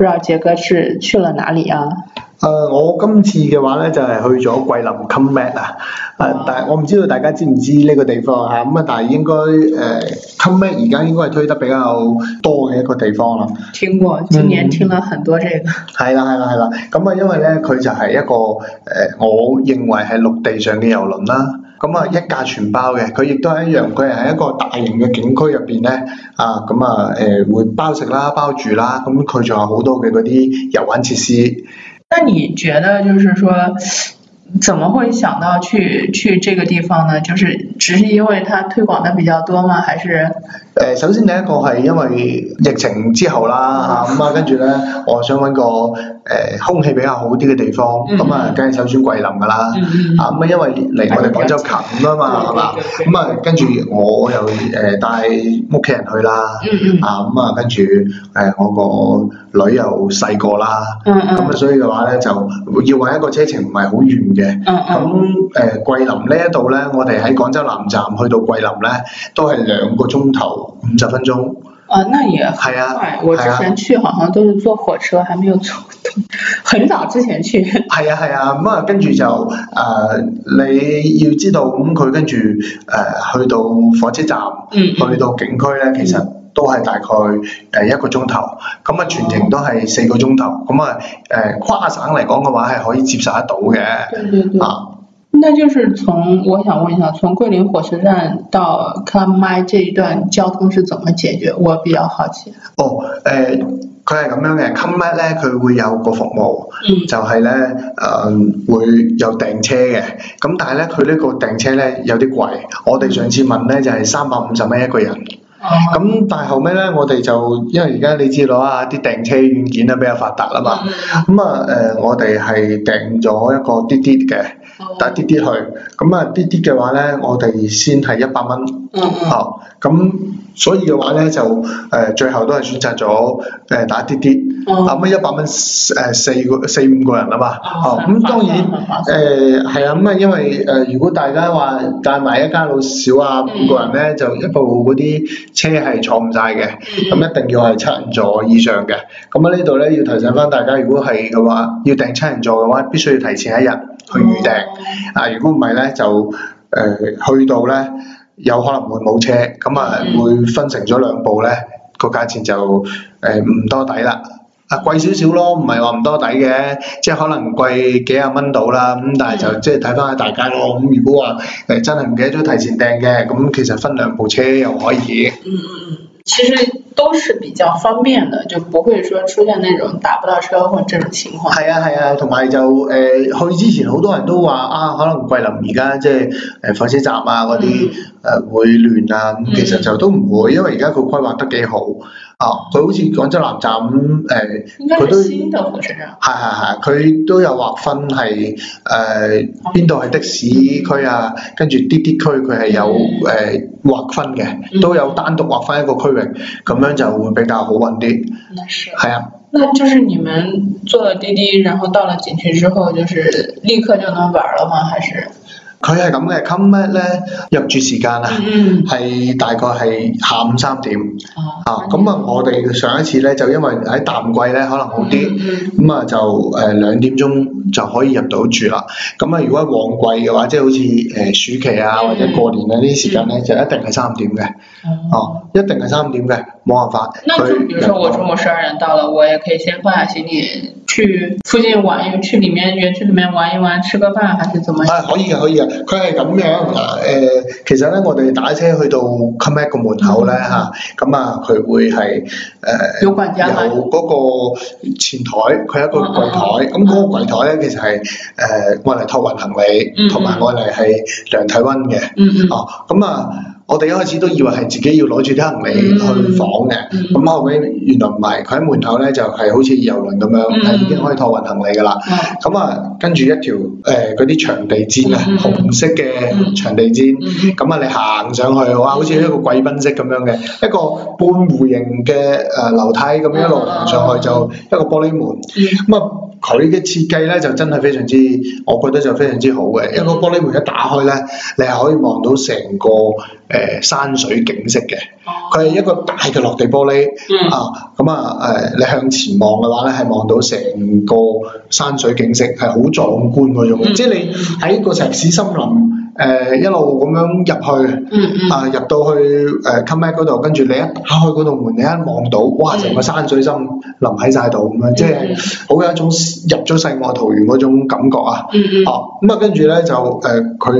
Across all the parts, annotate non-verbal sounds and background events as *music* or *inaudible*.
不知道杰哥是去了哪裏啊？誒、呃，我今次嘅話呢，就係、是、去咗桂林 Club Med 啊，誒，但係我唔知道大家知唔知呢個地方啊？咁啊，但係應該誒、呃、Club Med 而家應該係推得比較多嘅一個地方啦。聽過，今年聽了很多這個。係啦係啦係啦，咁啊、嗯，因為呢，佢就係一個誒、呃，我認為係陸地上嘅遊輪啦。咁啊，一價全包嘅，佢亦都係一樣。佢係喺一個大型嘅景區入邊咧，啊，咁啊，誒、呃、會包食啦，包住啦，咁佢仲有好多嘅嗰啲遊玩設施。那你覺得就是說，怎麼會想到去去這個地方呢？就是只是因為它推廣的比較多嗎？還是？誒、呃、首先第一個係因為疫情之後啦，嚇，咁啊，跟住咧，我想揾個。誒、呃、空氣比較好啲嘅地方，咁啊梗係首選桂林㗎啦。嗯嗯啊，咁啊因為離我哋廣州近啦嘛，係嘛？咁啊跟住我又誒帶屋企人去啦。啊、呃，咁啊跟住誒我個女又細個啦。咁啊、嗯嗯嗯、所以嘅話咧就要揾一個車程唔係好遠嘅。咁誒桂林呢一度咧，我哋喺廣州南站去到桂林咧，都係兩個鐘頭五十分鐘。啊，那也快，啊、我之前去好像都是坐火車，啊、還沒有坐，很早之前去。係啊係啊，咁啊跟住就啊、呃，你要知道咁佢、嗯嗯嗯、跟住誒、呃、去到火車站，去到景區咧，其實都係大概誒一個鐘頭，咁、呃、啊全程都係四個鐘頭，咁啊誒跨省嚟講嘅話係可以接受得到嘅，啊。那就是從，我想問一下，從桂林火車站到 Club Med 這一段交通是怎麼解決？我比較好奇。哦，誒、呃，佢係咁樣嘅，Club Med 咧佢會有個服務，就係咧誒會有訂車嘅，咁但係咧佢呢個訂車咧有啲貴。我哋上次問咧就係三百五十蚊一個人。咁、嗯、但係後屘呢，我哋就因為而家你知啦，啲訂車軟件咧比較發達啦嘛，咁啊、嗯呃、我哋係訂咗一個滴滴嘅，打滴滴去，咁啊滴滴嘅話呢，我哋先係一百蚊。Mm hmm. 哦，咁所以嘅話咧就誒、呃、最後都係選擇咗誒、呃、打滴滴、mm，咁啊一百蚊誒四個、呃、四五個人啊嘛，oh, 哦咁當然誒係啊，咁啊、呃、因為誒、呃、如果大家話帶埋一家老少啊、mm hmm. 五個人咧就一部嗰啲車係坐唔晒嘅，咁、mm hmm. 一定要係七人座以上嘅，咁啊呢度咧要提醒返大家，如果係嘅話要訂七人座嘅話，必須要提前一日去預訂、mm hmm，啊如果唔係咧就誒、呃、去到咧。有可能會冇車，咁啊會分成咗兩部咧，個價錢就誒唔多抵啦，啊貴少少咯，唔係話唔多抵嘅，即係可能貴幾十蚊到啦，咁但係就即係睇翻下大家咯，咁如果話誒真係唔記得咗提前訂嘅，咁其實分兩部車又可以。其實都是比較方便的，就唔會說出現那種打不到車或這種情況。係啊係啊，同埋、啊、就誒、呃、去之前好多人都話啊，可能桂林而家即係誒火車站啊嗰啲誒會亂啊，咁、呃啊、其實就都唔會，因為而家佢規劃得幾好。啊！佢、哦、好似廣州南站咁誒，佢、呃、都應該都係新嘅火車站。係係係，佢、啊啊、都有劃分係誒邊度係的士區啊，跟住滴滴區佢係有誒、嗯呃、劃分嘅，都有單獨劃分一個區域，咁樣就會比較好揾啲。係啊，啊那就是你們坐了滴滴，然後到了景區之後，就是立刻就能玩了嗎？還是？佢係咁嘅，Club Med 咧入住時間啊，係大概係下午三點。啊，咁啊，我哋上一次咧就因為喺淡季咧可能好啲，咁啊就誒兩點鐘就可以入到住啦。咁啊，如果旺季嘅話，即係好似誒暑期啊或者過年啊呢啲時間咧，就一定係三點嘅。哦，一定係三點嘅，冇辦法。那比如說我中午十二點到了，我也可以先放下行李，去附近玩一去裡面園區裡面玩一玩，吃個飯，還是怎麼？係可以嘅，可以嘅。佢係咁樣，誒、呃，其實咧，我哋打車去到 Club Med 個門口咧嚇，咁、嗯嗯、啊，佢會係誒，有、呃、嗰個前台，佢係一個櫃台，咁嗰個櫃台咧，其實係誒，愛嚟託運行李，同埋愛嚟係量體溫嘅，哦、嗯嗯，咁啊。嗯嗯我哋一開始都以為係自己要攞住啲行李去房嘅，咁、嗯、後尾原來唔係，佢喺門口咧就係好似遊輪咁樣，係、嗯、已經可以託運行李噶啦。咁、嗯、啊，跟住一條誒嗰啲長地氈啊，嗯、紅色嘅長地氈，咁啊、嗯嗯、你行上去，哇，好似一個貴賓式咁樣嘅一個半弧形嘅誒、呃、樓梯，咁一路行上去就一個玻璃門，咁啊、嗯。嗯嗯佢嘅設計咧就真係非常之，我覺得就非常之好嘅，因為個玻璃門一打開咧，你係可以望到成個誒、呃、山水景色嘅，佢係一個大嘅落地玻璃啊，咁啊誒，你向前望嘅話咧，係望到成個山水景色係好壯觀嗰種，嗯、即係你喺個石屎森林。誒、呃、一路咁樣入去，啊、呃、入到去誒 come back 嗰度，跟、呃、住你一打開嗰道門，你一望到，哇！成個山水森林喺晒度咁樣，即係好有一種入咗世外桃源嗰種感覺啊！哦、啊，咁啊跟住咧就誒佢、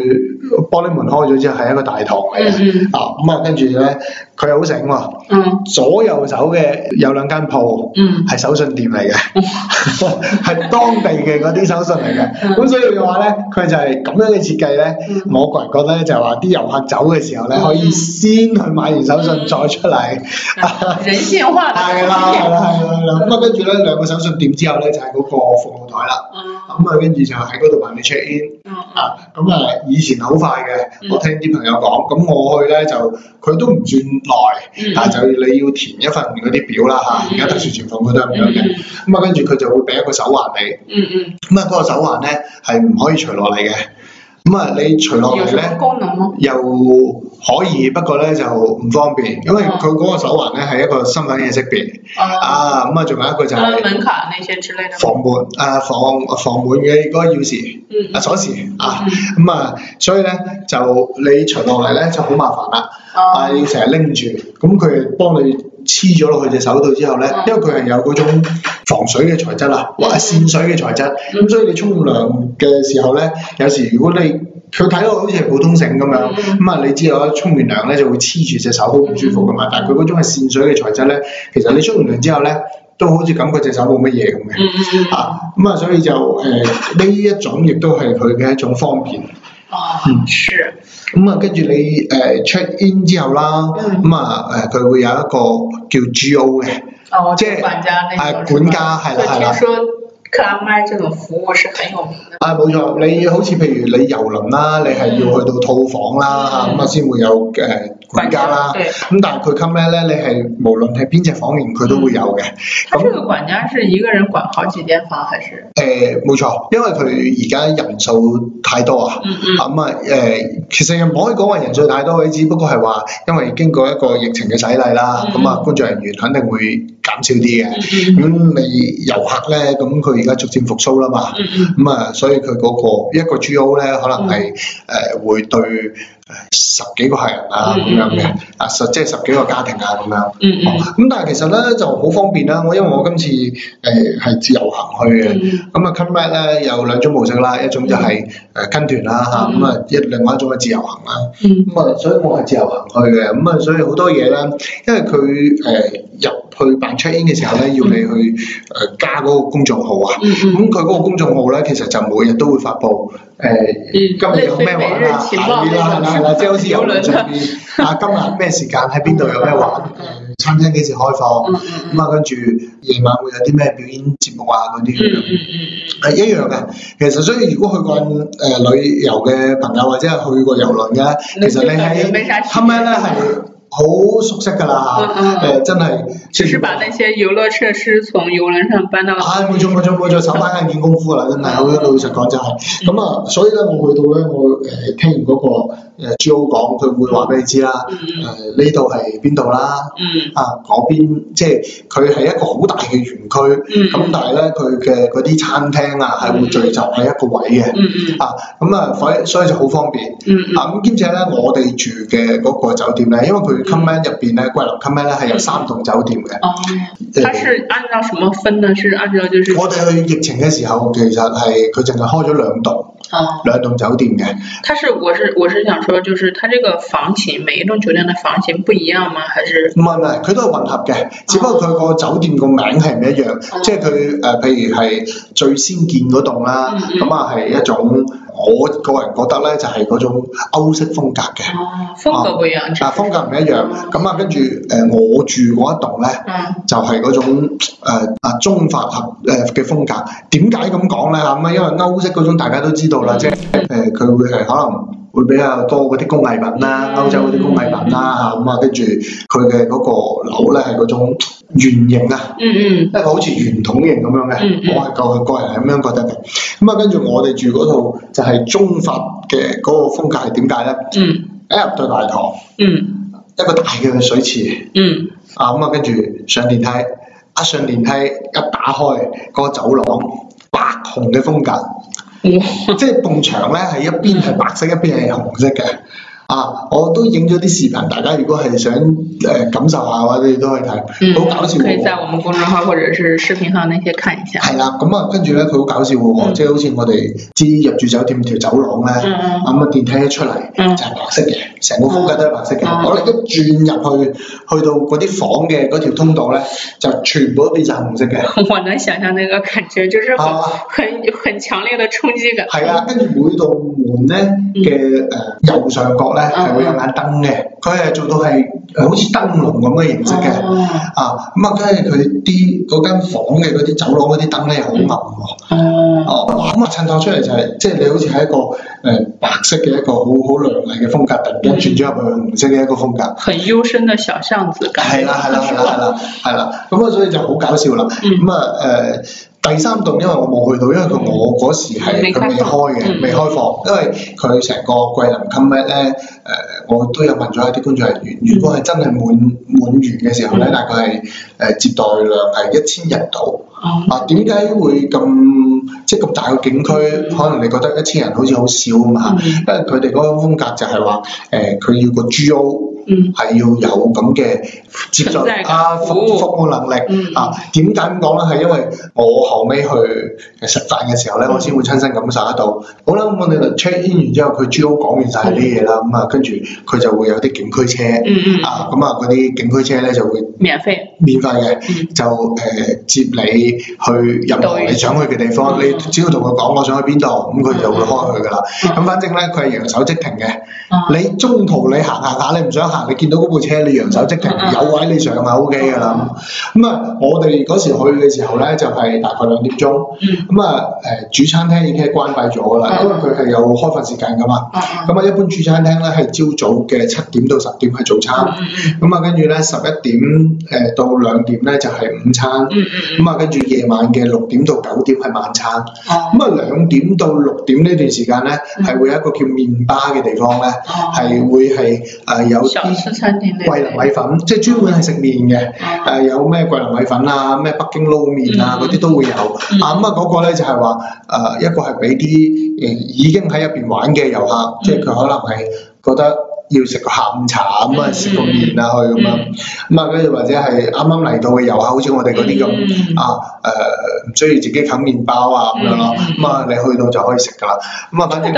呃、玻璃門開咗之後係一個大堂嚟嘅，啊咁啊跟住咧。佢又好醒喎，左右手嘅有兩間鋪，係、嗯、手信店嚟嘅，係 *laughs* 當地嘅嗰啲手信嚟嘅，咁、嗯、所以嘅話咧，佢就係咁樣嘅設計咧，嗯、我個人覺得就係話啲遊客走嘅時候咧，可以先去買完手信再出嚟，人係啦係啦係啦，咁啊跟住咧兩個手信店之後咧就係、是、嗰個服務台啦，咁啊跟住就喺嗰度辦理 check in，啊咁啊以前好快嘅，我聽啲朋友講，咁我去咧就佢都唔算。來，嗯嗯，但係就你要填一份嗰啲表啦吓，而家特殊情況佢都係咁樣嘅，咁啊跟住佢就會俾一個手環，你，嗯嗯。咁啊嗰個手環咧係唔可以除落嚟嘅。咁、嗯、啊，你除落嚟咧，又可以，不過咧就唔方便，因為佢嗰個手環咧係一個身份嘅識別。啊，咁啊，仲有一個就係，房、嗯嗯、門啊，房房門嘅嗰個匙，啊鎖匙、嗯、啊，咁、嗯、啊，所以咧就你除落嚟咧就好麻煩啦，啊要成日拎住，咁、嗯、佢幫你。黐咗落去隻手度之後咧，因為佢係有嗰種防水嘅材質啊，或者滲水嘅材質，咁、嗯、所以你沖涼嘅時候咧，有時如果你佢睇落好似係普通繩咁樣，咁啊、嗯、你知啦，沖完涼咧就會黐住隻手好唔舒服噶嘛，嗯、但係佢嗰種係滲水嘅材質咧，其實你沖完涼之後咧，都好似感覺隻手冇乜嘢咁嘅，嗯、啊咁啊所以就誒呢、呃、 *laughs* 一種亦都係佢嘅一種方便。哦，嗯，是。咁啊，跟住你誒 check in 之後啦，咁啊誒，佢會有一個叫 G O 嘅哦，即係係管家，誒管家係啦係啦。Club Med 呢種服務係很有名嘅，啊冇錯，你好似譬如你遊輪啦，你係要去到套房啦咁啊先會有誒管家啦，咁但係佢 Club Med 咧，你係無論係邊隻房型佢都會有嘅。佢呢個管家是一個人管好幾間房，還是？誒冇錯，因為佢而家人數太多啊，咁啊誒，其實唔可以講話人數太多嘅，只不過係話因為經過一個疫情嘅洗禮啦，咁啊工作人員肯定會減少啲嘅，咁你遊客咧咁佢。而家逐漸復甦啦嘛，咁啊、mm hmm. 嗯，所以佢嗰個一個 G O 咧，可能係誒、mm hmm. 呃、會對誒十幾個客人啊咁樣嘅，啊十、mm hmm. 即係十幾個家庭啊咁樣。咁、mm hmm. 嗯、但係其實咧就好方便啦，我因為我今次誒係、呃、自由行去嘅，咁啊 Club Med 咧有兩種模式啦，一種就係誒跟團啦嚇，咁啊一、嗯、另外一種係自由行啦。咁啊、mm hmm. 嗯，所以我係自由行去嘅，咁啊，所以好多嘢咧，因為佢誒入。去辦 check in 嘅時候咧，要你去誒、呃、加嗰個公眾號啊，咁佢嗰個公眾號咧，其實就每日都會發布誒、呃、今日有咩玩啊，係啦係啦係啦，即係好似遊輪上邊 *laughs* 啊，今日咩時間喺邊度有咩玩，餐廳幾時開放，咁啊跟住夜晚會有啲咩表演節目啊嗰啲咁樣，係、mm hmm. 啊、一樣嘅。其實所以如果去過誒旅遊嘅朋友或者係去過遊輪嘅、啊，其實你喺後尾咧係？ *laughs* *laughs* 好熟悉㗎啦，誒真係，其實把那些遊樂設施從遊輪上搬到，啊冇錯，冇錯，冇錯。手板眼見功夫啦，真係， *laughs* 好老實講，就係、嗯，咁啊、嗯、所以咧我去到咧我誒聽完嗰、那個。誒杰哥講，佢會話俾你知啦。誒呢度係邊度啦？呃嗯、啊，嗰邊即係佢係一個好大嘅園區。咁、嗯、但係咧，佢嘅嗰啲餐廳啊，係會聚集喺一個位嘅。嗯嗯、啊，咁、嗯、啊，所以所以就好方便。啊，咁兼且咧，我哋住嘅嗰個酒店咧，因為佢 Club Med 入邊咧，嗯、桂林 Club Med 咧係有三棟酒店嘅。哦、嗯。佢係按照什麼分呢？是按照就是。我哋去疫情嘅時候，其實係佢淨係開咗兩棟。兩棟酒店嘅，它是，我是，我是想說，就是它這個房型，每一棟酒店的房型不一樣嗎？還是？唔係唔係，佢都係混合嘅，啊、只不過佢個酒店個名係唔一樣，啊、即係佢誒，譬如係最先建嗰棟啦，咁啊係一種。我個人覺得咧，就係、是、嗰種歐式風格嘅，啊、哦、風，風格唔一樣，咁啊、嗯、跟住誒、呃、我住嗰一棟咧，嗯、就係嗰種啊、呃、中法合誒嘅風格。點解咁講咧嚇？咁啊，因為歐式嗰種大家都知道啦，嗯、即係誒佢會係可能。會比較多嗰啲工藝品啦，歐洲嗰啲工藝品啦嚇，咁啊跟住佢嘅嗰個樓咧係嗰種圓形啊，一個好似圓筒形咁樣嘅，我係舊係個人係咁樣覺得嘅。咁啊跟住我哋住嗰套就係、是、中法嘅嗰個風格係點解咧？一、mm hmm. 入到大堂，mm hmm. 一個大嘅水池，啊咁啊跟住上電梯，一上電梯一打開、那個走廊，白紅嘅風格。 *laughs* 即係埲牆咧，係 *laughs* 一邊係白， *laughs* 白色，一邊係紅色嘅。啊！我都影咗啲視頻，大家如果係想誒感受下嘅，你都可以睇，好搞笑喎！可以在我們公眾號或者是視頻號那些看一下。係啦，咁啊，跟住咧佢好搞笑嘅喎，即係好似我哋啲入住酒店條走廊咧，咁啊電梯一出嚟就係白色嘅，成個風格都係白色嘅。我哋一轉入去，去到嗰啲房嘅嗰條通道咧，就全部都變晒紅色嘅。我能想象那個感覺就是，很很強烈嘅衝擊感。係啦，跟住每道門咧嘅誒右上角咧係會有眼燈嘅，佢係做到係好似燈籠咁嘅形式嘅，啊咁啊跟住佢啲嗰間房嘅嗰啲走廊嗰啲燈咧好暗喎，哦咁、嗯、啊襯托出嚟就係即係你好似係一個誒白色嘅一個好好亮麗嘅風格，突然間轉咗入去紅色嘅一個風格。很幽深嘅小巷子 synthes ized. *laughs* 啊，感覺。係啦係啦係啦係啦係啦，咁啊所以就好搞笑啦，咁啊誒。 *laughs* 第三棟因為我冇去到，因為佢我嗰時係佢未開嘅，未開放。嗯、因為佢成個桂林 Club Med、呃、k 咧，誒我都有問咗一啲工作人員，如果係真係滿滿員嘅時候咧，嗯、大概佢係、呃、接待量係一千人度。嗯、啊，點解會咁即係咁大個景區，嗯、可能你覺得一千人好似好少咁啊？嗯、因為佢哋嗰個風格就係話誒，佢、呃呃、要個 G O。嗯，係要有咁嘅接載啊服服務能力啊，點解咁講咧？係因為我後尾去實踐嘅時候咧，我先會親身感受得到。好啦，咁我哋 check in 完之後，佢主要講完曬啲嘢啦，咁啊，跟住佢就會有啲景區車啊，咁啊嗰啲景區車咧就會免費，免費嘅就誒接你去任何你想去嘅地方，你只要同佢講我想去邊度，咁佢就會開去噶啦。咁反正咧，佢係揚手即停嘅。你中途你行行下，你唔想行。啊、你見到嗰部車，你揚手即停，有位你上係 O K 噶啦。咁、OK、啊，我哋嗰時去嘅時候咧，就係、是、大概兩點鐘。咁啊，誒、呃、主餐廳已經關閉咗啦，因為佢係有開飯時間噶嘛。咁啊，一般主餐廳咧係朝早嘅七點到十點係早餐。咁啊，跟住咧十一點誒到兩點咧就係、是、午餐。咁啊，跟住夜晚嘅六點到九點係晚餐。咁啊，兩點到六點呢段時間咧，係會有一個叫麵吧嘅地方咧，係會係誒有。桂林米粉，嗯、即係專門係食麵嘅，誒、嗯、有咩桂林米粉啊，咩北京撈麵啊，嗰啲、嗯、都會有。嗯、啊，咁啊嗰個咧就係話，誒、呃、一個係俾啲誒已經喺入邊玩嘅遊客，嗯、即係佢可能係覺得。要食個下午茶咁啊，食個麵啊去咁樣，咁啊跟住或者係啱啱嚟到嘅遊客，好似我哋嗰啲咁啊，誒唔需要自己啃麵包啊咁樣咯，咁啊你去到就可以食噶啦，咁啊反正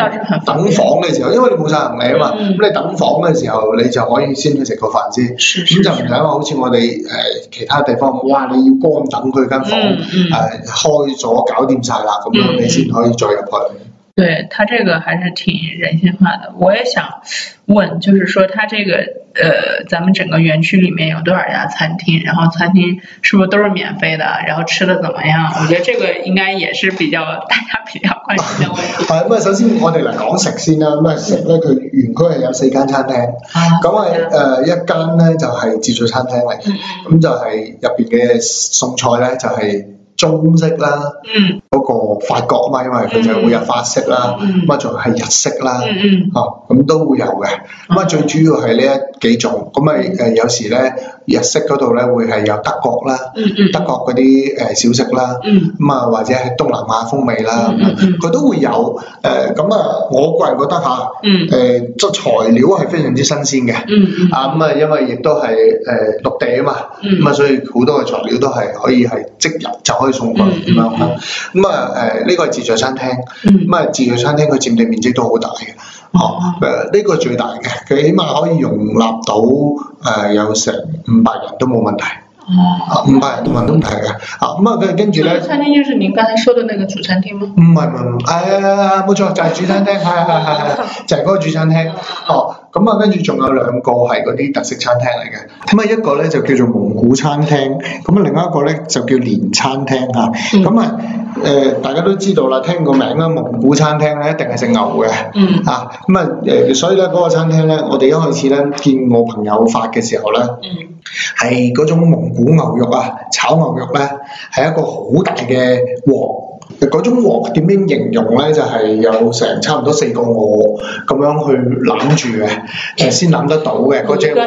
等房嘅時候，因為你冇晒行李啊嘛，咁你等房嘅時候，你就可以先去食個飯先，咁就唔係話，好似我哋誒其他地方，哇你要光等佢間房誒開咗搞掂晒啦，咁樣你先可以再入去。對他這個還是挺人性化的。我也想問，就是說他這個呃，咱們整個園區裏面有多少家餐廳？然後餐廳是不是都是免費的？然後吃的怎麼樣？我覺得這個應該也是比較大家比較關心的問題。首先我哋來講食先啦。咁啊，食呢，佢園區有四間餐廳。咁啊，誒，一間呢，就係自助餐廳嚟。咁就係入邊嘅餸菜呢，就係中式啦。嗯。嗯嗯嗰個法國啊嘛，因為佢就會有法式啦，咁啊仲係日式啦，哦、嗯，咁、啊、都會有嘅，咁啊、嗯、最主要係呢一幾種，咁啊誒有時咧日式嗰度咧會係有德國啦，嗯、德國嗰啲誒小食啦，咁啊、嗯、或者係東南亞風味啦，佢、嗯嗯、都會有，誒咁啊我個人覺得吓、啊，誒即、嗯呃、材料係非常之新鮮嘅，啊咁啊因為亦都係誒陸地啊嘛，咁啊所以好多嘅材料都係可以係即日就可以送過嚟咁樣。嗯嗯咁啊誒呢個係自助餐廳，咁啊、嗯、自助餐廳佢佔地面積都好大嘅，哦、嗯，誒呢、啊這個最大嘅，佢起碼可以容納到誒、呃、有成五百人都冇問題，哦，五百人都冇問題嘅，啊咁啊跟跟住咧，嗯、呢餐廳就係你剛才說嘅那個主餐廳嗎？唔係唔係唔係，係冇錯就係、是、主餐廳，係係係係， *laughs* 就係嗰個主餐廳，哦、啊。咁啊，跟住仲有兩個係嗰啲特色餐廳嚟嘅，咁啊一個咧就叫做蒙古餐廳，咁啊另外一個咧就叫連餐廳嚇，咁啊誒大家都知道啦，聽個名啦，蒙古餐廳咧一定係食牛嘅，嗯、啊咁啊誒，所以咧嗰、那個餐廳咧，我哋一開始咧見我朋友發嘅時候咧，係嗰、嗯、種蒙古牛肉啊，炒牛肉咧係一個好大嘅鑊。嗰種鑊點樣形容咧？就係、是、有成差唔多四個我咁樣去攬住嘅，誒先攬得到嘅嗰隻，係啦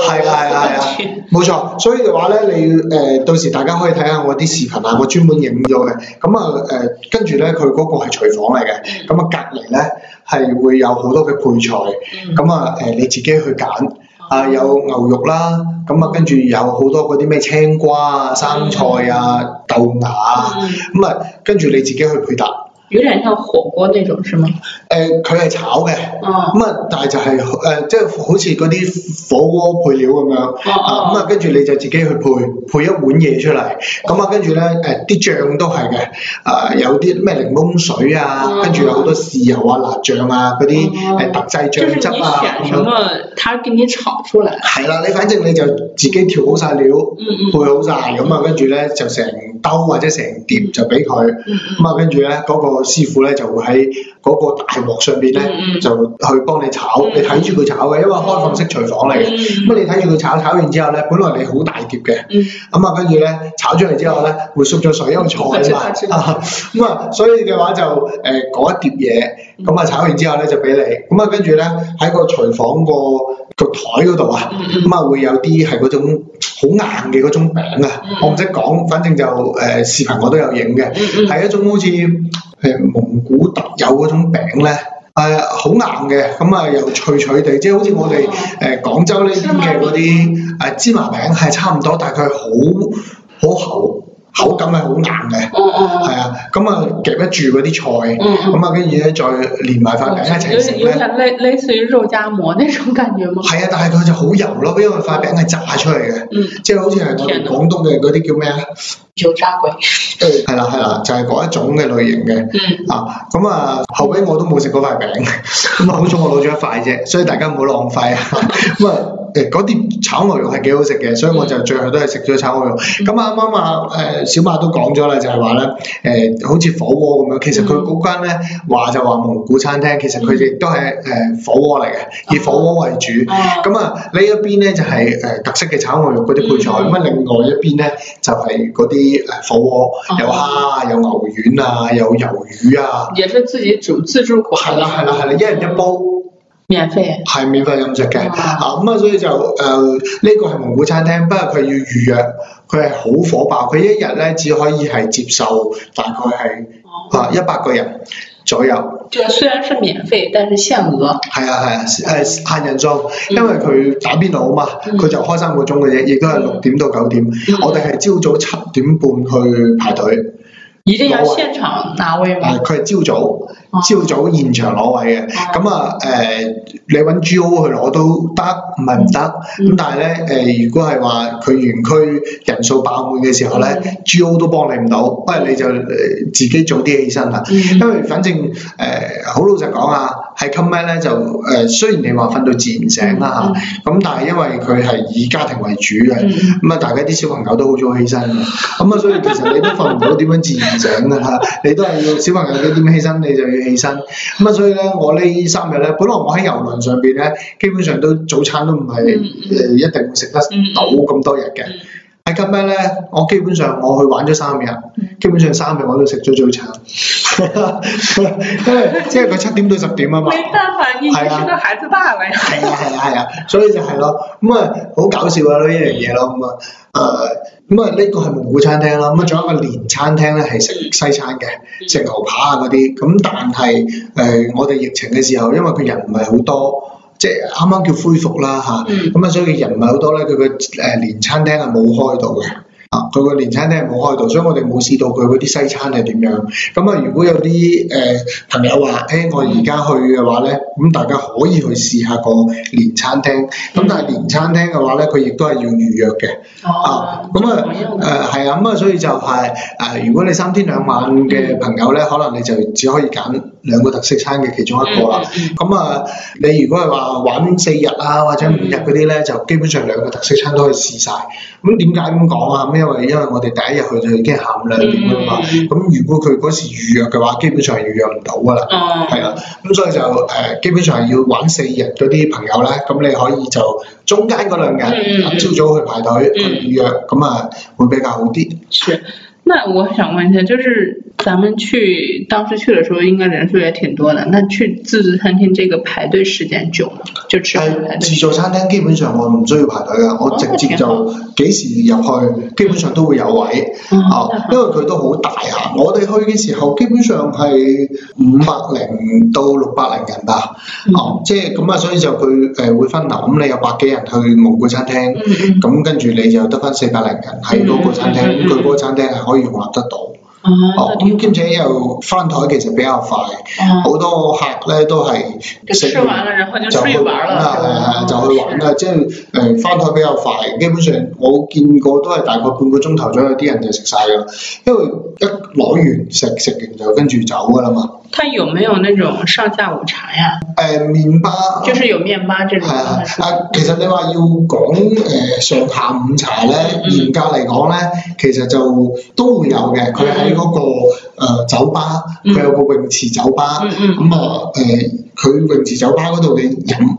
係啦係啦，冇錯。所以嘅話咧，你誒、呃、到時大家可以睇下我啲視頻啊，我專門影咗嘅。咁啊誒，跟住咧佢嗰個係廚房嚟嘅，咁啊隔離咧係會有好多嘅配菜，咁啊誒你、呃嗯、自己去揀。啊！有牛肉啦，咁啊，跟住有好多嗰啲咩青瓜啊、生菜啊、豆芽咁啊，跟住你自己去配搭。有點像火鍋那種是嗎？誒、呃，佢係炒嘅，咁啊，嗯、但係就係、是、誒，即、呃、係、就是、好似嗰啲火鍋配料咁樣，咁啊、哦、啊，跟、就、住、是啊、你就自己去配配一碗嘢出嚟，咁、嗯、啊跟住咧誒啲醬都係嘅，啊有啲咩檸檬水啊，跟住有好多豉油啊、辣醬啊嗰啲誒特製醬汁啊咁啊，佢、啊、係、就是嗯就是、炒出嚟，係啦、啊，你反正你就自己調好晒料，配好晒咁啊跟住咧就成兜或者成碟就俾佢，咁啊跟住咧嗰個個師傅咧就會喺嗰個大鑊上邊咧，就去幫你炒，你睇住佢炒嘅，因為開放式廚房嚟嘅。咁你睇住佢炒，炒完之後咧，本來你好大碟嘅，咁啊，跟住咧炒出嚟之後咧，會縮咗水，因為菜啊嘛。咁啊，所以嘅話就誒一碟嘢，咁啊炒完之後咧就俾你。咁啊，跟住咧喺個廚房個個台嗰度啊，咁啊會有啲係嗰種好硬嘅嗰種餅啊。我唔識講，反正就誒視頻我都有影嘅，係一種好似～誒蒙古特有嗰種餅咧，誒、呃、好硬嘅，咁啊又脆脆地，即係好似我哋誒廣州呢邊嘅嗰啲誒芝麻餅係差唔多，但係佢好好厚。口感係好硬嘅，係、哦哦哦、啊，咁啊夾得住嗰啲菜，咁啊跟住咧再連埋塊餅一齊食咧。有有啲類類似於肉夾饃呢種感覺嗎？係啊，但係佢就好油咯，因為塊餅係炸出嚟嘅，嗯、即係好似係我哋廣東嘅嗰啲叫咩、嗯 *laughs* 嗯、啊？油炸鬼？係啦係啦，就係、是、嗰一種嘅類型嘅。嗱、嗯，咁啊、嗯嗯嗯、後尾我都冇食嗰塊餅，啊、 *laughs* 嗯，好彩我攞咗一塊啫，所以大家唔好浪費啊啊。誒嗰啲炒牛肉係幾好食嘅，所以我就最後都係食咗炒牛肉，肉。咁啱啱啊誒小馬都講咗啦，就係話咧誒好似火鍋咁樣，其實佢嗰間咧、嗯、話就話蒙古餐廳，其實佢亦都係誒火鍋嚟嘅，以火鍋為主。咁啊呢一邊咧就係誒特色嘅炒牛肉嗰啲配菜，咁啊、嗯、另外一邊咧就係嗰啲誒火鍋，嗯、有蝦、有牛丸啊、有魷魚啊。也是自己煮自助。係啦係啦係啦，一人一煲。免費啊，係免費飲食嘅，啊咁、嗯、啊，所以就誒呢、呃這個係蒙古餐廳，不過佢要預約，佢係好火爆，佢一日咧只可以係接受大概係、嗯、啊一百個人左右。就雖然係免費，但係限額。係啊係啊，誒、啊啊啊啊、限人數，因為佢打邊爐啊嘛，佢、嗯、就開三個鐘嘅嘢，亦都係六點到九點，嗯、我哋係朝早七點半去排隊。嗯已經有現場攞位嘛？係佢係朝早，朝、啊、早現場攞位嘅。咁啊，啊呃、你搵 G O 去攞都得，唔係唔得。咁、嗯、但係咧、呃，如果係話佢園區人數爆滿嘅時候呢、嗯、G O 都幫你唔到，不如你就自己早啲起身啦。嗯、因為反正好、呃、老實講啊。係 c o m m 咧就誒、呃，雖然你話瞓到自然醒啦嚇，咁、嗯啊、但係因為佢係以家庭為主嘅，咁、嗯、啊大家啲小朋友都好早起身咁、嗯、啊所以其實你都瞓唔到點樣自然醒嘅嚇、嗯啊，你都係要小朋友幾點起身你就要起身，咁啊所以咧我三呢三日咧，本來我喺遊輪上邊咧，基本上都早餐都唔係誒一定會食得到咁多日嘅。嗯嗯嗯喺今晚咧？我基本上我去玩咗三日，基本上三日我都食咗早餐，因 *laughs* 為即係佢七點到十點啊嘛，沒辦法，你你生得孩子大啦。係啊係啊係啊，所以就係咯，咁啊好搞笑啊呢樣嘢咯，咁啊，咁啊呢個係蒙古餐廳咯，咁啊仲有一個連餐廳咧係食西餐嘅，食牛扒啊嗰啲，咁但係誒、呃、我哋疫情嘅時候，因為佢人唔係好多。即係啱啱叫恢復啦嚇，咁、嗯、啊所以人唔係好多咧。佢個誒連餐廳係冇開到嘅，啊佢個連餐廳係冇開到，所以我哋冇試到佢嗰啲西餐係點樣。咁啊如果有啲誒、呃、朋友、哎、話，誒我而家去嘅話咧，咁大家可以去試下個連餐廳。咁、啊、但係連餐廳嘅話咧，佢亦都係要預約嘅。哦。咁啊誒係啊，咁啊，啊所以就係、是、誒、啊、如果你三天兩晚嘅朋友咧，嗯、可能你就只可以揀。兩個特色餐嘅其中一個啦，咁、嗯、啊，你如果係話玩四日啊或者五日嗰啲咧，嗯、就基本上兩個特色餐都可以試晒。咁點解咁講啊？因為因為我哋第一日去就已經下午兩點啦嘛，咁、嗯啊、如果佢嗰時預約嘅話，基本上係預約唔到噶啦。哦、嗯。係啦、啊，咁所以就誒，基本上係要玩四日嗰啲朋友咧，咁你可以就中間嗰兩日朝、嗯、早去排隊、嗯嗯、去預約，咁啊會比較好啲。那我想問一下，就是咱們去當時去的時候，應該人數也挺多的。那去自助餐廳這個排隊時間久嗎？就係自，自助餐廳基本上我唔需要排隊啊，我直接就幾時入去，基本上都會有位哦。嗯嗯、因為佢都好大啊。我哋去嘅時候基本上係五百零到六百零人吧。哦、 *laughs* 嗯，即係咁啊，嗯、所以就佢誒會分流。咁你有百幾人去蒙古餐廳，咁、嗯、跟住你就得返四百零人喺個餐廳。佢個餐廳係可。嗯嗯嗯嗯嗯可以容納得到，哦，咁兼且又翻為台其實比較快，好、啊、多客咧都係食完就去玩啦，係係就去玩啦、啊，即係誒翻台比較快。基本上我見過都係大概半個鐘頭左右啲人就食晒㗎啦，因為一攞完食食完就跟住走㗎啦嘛。佢有沒有那種上下午茶呀？誒麵包，就是有麵包。係啊，其實你話要講誒上下午茶咧，嚴格嚟講咧，其實就都會有嘅。佢喺嗰個誒酒吧，佢有個泳池酒吧。咁啊誒，佢泳池酒吧嗰度嘅飲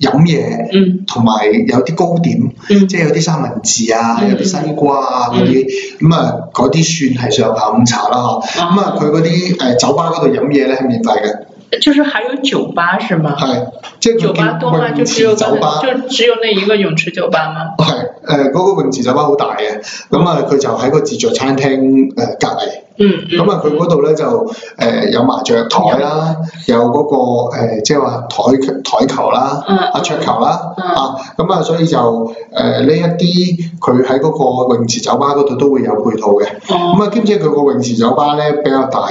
飲嘢，同埋有啲糕點，即係有啲三文治啊，有啲西瓜啊嗰啲，咁啊嗰啲算係上下午茶啦呵。咁啊，佢嗰啲誒酒吧嗰度飲。嘢咧係免費嘅，就是還有酒吧是嗎？係，即係酒吧多就只有酒吧，就只有那一個泳池酒吧嗎？係，誒嗰個泳池酒吧好大嘅，咁啊佢就喺個自助餐廳誒隔離，嗯，咁啊佢嗰度咧就誒有麻雀台啦，有嗰個誒即係話台台球啦，啊桌球啦，啊咁啊所以就誒呢一啲佢喺嗰個泳池酒吧嗰度都會有配套嘅，咁啊兼且佢個泳池酒吧咧比較大。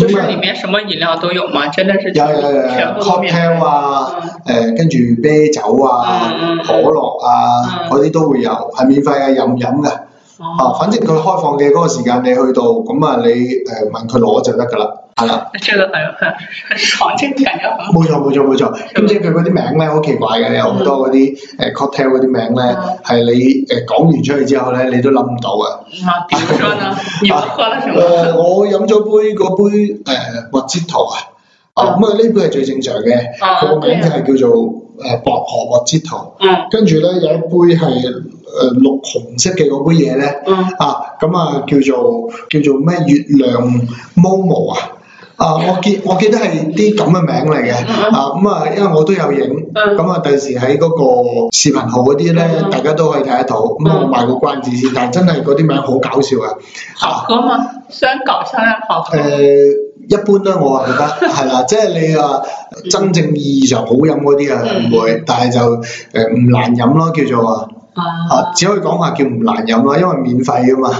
咁啊！嗯、就是裡面什麼飲料都有嗎？真的是有有有有 Coke 啊，誒、呃，跟住啤酒啊，嗯、可樂啊，嗰啲，嗯、都會有，係免費啊，任飲嘅。哦。啊，反正佢開放嘅嗰個時間，你去到，咁啊，你、呃、誒問佢攞就得噶啦。係啦，出到係，冇錯冇錯冇錯，咁即係佢嗰啲名咧好奇怪嘅，有好多嗰啲誒 cocktail 嗰啲名咧，係你誒講完出去之後咧，你都諗唔到、嗯、 *laughs* 啊，譬如講咧，我飲咗杯嗰杯誒墨汁桃啊！咁啊呢、嗯、杯係最正常嘅，佢個、啊、名就係叫做誒薄荷墨汁桃。嗯、跟住咧有一杯係誒綠紅色嘅嗰杯嘢咧。嗯、啊咁啊叫做叫做咩月亮 Momo 啊？啊！我記我記得係啲咁嘅名嚟嘅，啊咁啊，因為我都有影，咁啊第時喺嗰個視頻號嗰啲咧，大家都可以睇得到，咁我賣個關子先。但係真係嗰啲名好搞笑啊！好喝嘛？想搞笑一好。一般咧，我啊覺得係啦，即係你話真正意義上好飲嗰啲啊唔會，但係就誒唔難飲咯，叫做話啊，只可以講話叫唔難飲咯，因為免費啊嘛。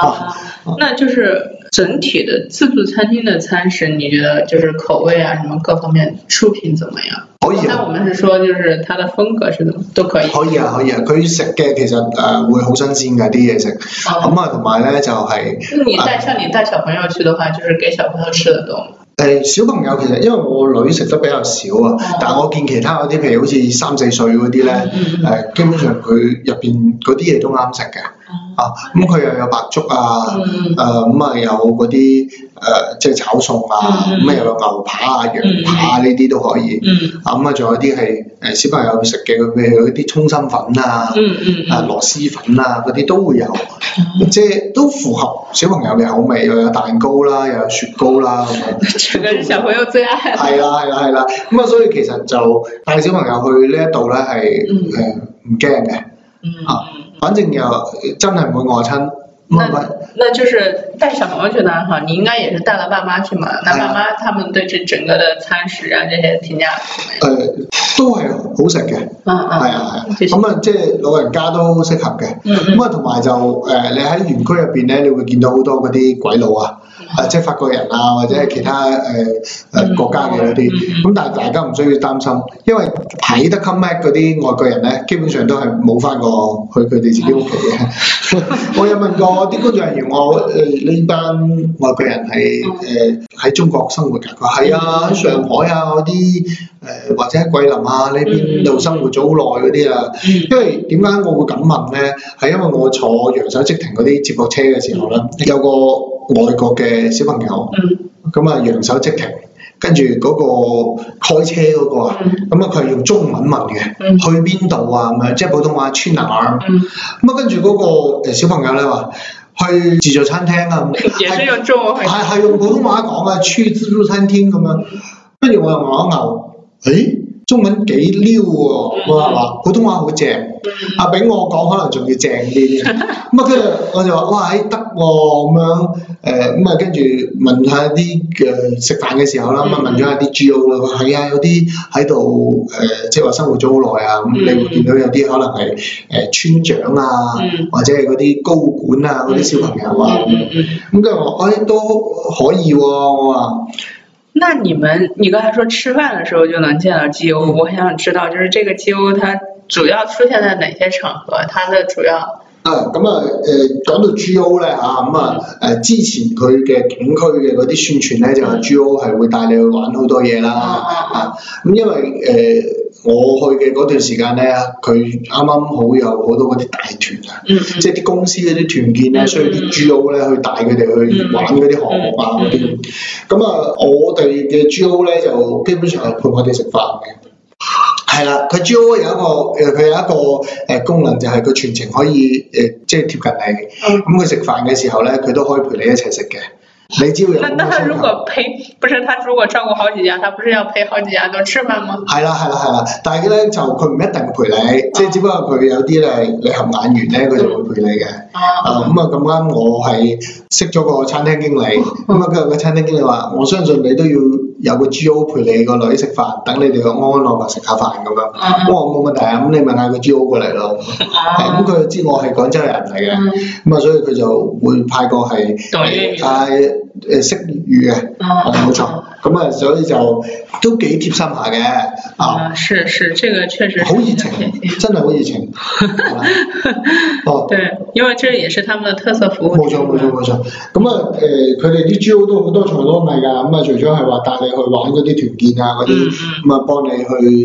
啊，咁就係。整體的自助餐廳的餐食，你覺得就是口味啊，什麼各方面出品怎麼樣？可以、啊。但我們是說，就是它的風格是都都可以。可以啊，可以啊，佢食嘅其實誒、呃、會好新鮮㗎啲嘢食，咁啊同埋咧就係、是。你帶，像、啊、你帶小朋友去的話，就是給小朋友吃的多。誒、呃，小朋友其實因為我女食得比較少啊，哦、但係我見其他嗰啲，譬如好似三四歲嗰啲咧，誒、嗯嗯、基本上佢入邊嗰啲嘢都啱食嘅。咁佢又有白粥啊，誒咁啊有嗰啲誒即係炒餸啊，咁啊又有、啊啊啊啊啊、有牛扒啊、羊扒啊呢啲都可以。啊，咁啊仲有啲係誒小朋友食嘅，譬如嗰啲通心粉啊、啊螺絲粉啊嗰啲都會有，即係都符合小朋友嘅口味。又有蛋糕啦，又有雪糕啦，咁咪，小朋友最愛、啊。係啦、啊，係啦、啊，係啦、啊。咁啊，啊、嗯嗯，所以其實就帶小朋友去呢一度咧係誒唔驚嘅。嗯啊，嗯嗯嗯、反正又真係唔會餓親。那那就是帶小朋友去南澳，你應該也是帶咗爸媽去嘛？那爸媽，媽，他們對這整個的餐食啊這些評價、呃？都係好食嘅，係啊係啊，咁啊即係老人家都適合嘅，咁啊同埋就誒、呃、你喺園區入邊咧，你會見到好多嗰啲鬼佬啊，誒、嗯啊、即係法國人啊，或者係其他誒誒、呃、國家嘅嗰啲，咁、嗯嗯嗯、但係大家唔需要擔心，因為睇得 come back 嗰啲外國人咧，基本上都係冇翻過去佢哋自己屋企嘅，我有問過。啊、我啲工作人員，我誒呢班外國人係誒喺中國生活㗎。佢係啊，喺上海啊嗰啲誒，或者喺桂林啊呢邊度生活咗好耐嗰啲啊。因為點解我會咁問咧？係因為我坐揚手即停嗰啲接駁車嘅時候咧，有個外國嘅小朋友，咁啊揚手即停。跟住嗰個開車嗰個啊，咁啊佢係用中文問嘅，去邊度啊咁樣，即係普通話穿哪？咁啊跟住嗰個小朋友咧話，去自助餐廳啊，係係用普通話講啊，去自助餐廳咁樣。跟住我又問一問，咦、哎？中文幾溜喎，我話，普通話好正，阿炳我講可能仲要正啲咁啊，跟住我就話：哇，誒得喎咁樣。誒咁啊，跟住問下啲嘅、呃、食飯嘅時候啦，問咗下啲住屋咯。係啊、哎，有啲喺度誒，即係話生活咗好耐啊。咁、嗯嗯、你會見到有啲可能係誒村長啊，嗯、或者係嗰啲高管啊嗰啲小朋友啊。咁跟住我話、哎，都可以喎，我話。那你們，你剛才說吃飯的時候就能見到 G O，我很想知道，就是這個 G O 它主要出現在哪些場合？它的主要。啊，咁、嗯、啊，誒講到 G O 咧嚇，咁啊誒、啊、之前佢嘅景區嘅嗰啲宣傳咧，就係 G O 係會帶你去玩好多嘢啦，啊咁、啊啊嗯嗯嗯、因為誒、呃、我去嘅嗰段時間咧，佢啱啱好有好多嗰啲大團，就是、團啊，啊，即係啲公司嗰啲團建咧，需要啲 G O 咧去帶佢哋去玩嗰啲項目啊嗰啲，咁啊我哋嘅 G O 咧就基本上係陪我哋食飯嘅。係啦，佢主要有個誒，佢有一個誒功能就係佢全程可以誒，即係貼近你。咁佢食飯嘅時候咧，佢都可以陪你一齊食嘅。你只會有。那那他如果陪，不是他如果照顧好幾家，他不是要陪好幾家都吃飯嗎？係啦，係啦，係啦，但係咧就佢唔一定陪你，即係、啊、只不過佢有啲咧你合眼緣咧，佢就會陪你嘅。哦。咁啊，咁啱我係識咗個餐廳經理，咁啊佢個餐廳經理話：我相信你都要。有個 G O 陪你個女食飯，等你哋個安安樂樂食下飯咁樣，我、哦、冇問題啊，咁你問下個 G O 過嚟咯，咁佢知我係廣州人嚟嘅，咁啊所以佢就會派個係，係誒識粵語嘅，冇錯。咁啊、嗯，所以就都幾貼心下嘅啊，啊！是是，這個確實好熱情，真係好熱情。哦， *laughs* 啊、對，因為這也是他們的特色服務。冇錯冇錯冇錯，咁啊誒，佢哋啲 G.O. 都好多才多藝㗎，咁、嗯、啊除咗係話帶你去玩嗰啲團建啊嗰啲，咁啊、嗯、幫你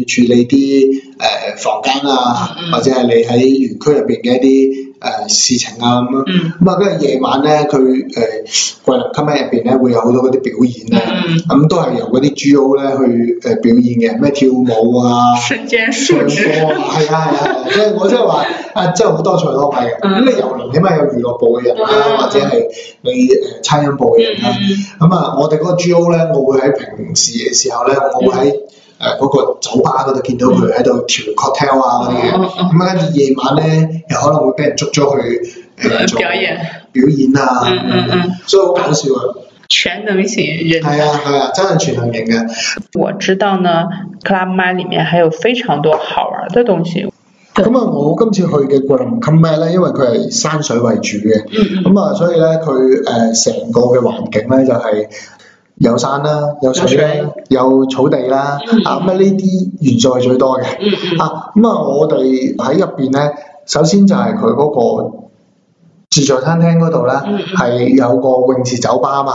去處理啲誒、呃、房間啊，嗯、或者係你喺園區入邊嘅一啲。誒事情啊咁咯，咁啊跟住夜晚咧，佢誒桂林 Club Med 入邊咧會有好多嗰啲表演咧，咁都係由嗰啲 G O 咧去誒表演嘅，咩跳舞啊、唱歌啊，係啊係啊，即係我即係話啊，真係好多彩多派嘅。咁你遊輪起碼有娛樂部嘅人啦，或者係你誒餐飲部嘅人啦，咁啊，我哋嗰個 G O 咧，我會喺平時嘅時候咧，我會喺。誒嗰、啊那個酒吧嗰度見到佢喺度跳 cocktail 啊嗰啲嘅，咁啊跟住夜晚咧又可能會俾人捉咗去誒、呃、做表演啊，嗯嗯所以好搞笑啊！全能型人啊係啊，真係全能型嘅。我知道呢，Club Man 裡面還有非常多好玩嘅東西。咁啊，我今次去嘅 c 林 u b Man 咧，ad, 因為佢係山水為主嘅，咁啊、嗯，所以咧佢誒成個嘅環境咧就係、是。有山啦，有水啦，有草地啦，啊咁啊呢啲元素係最多嘅。啊咁啊我哋喺入邊咧，首先就係佢嗰個。自助餐廳嗰度呢，係有個泳池酒吧嘛，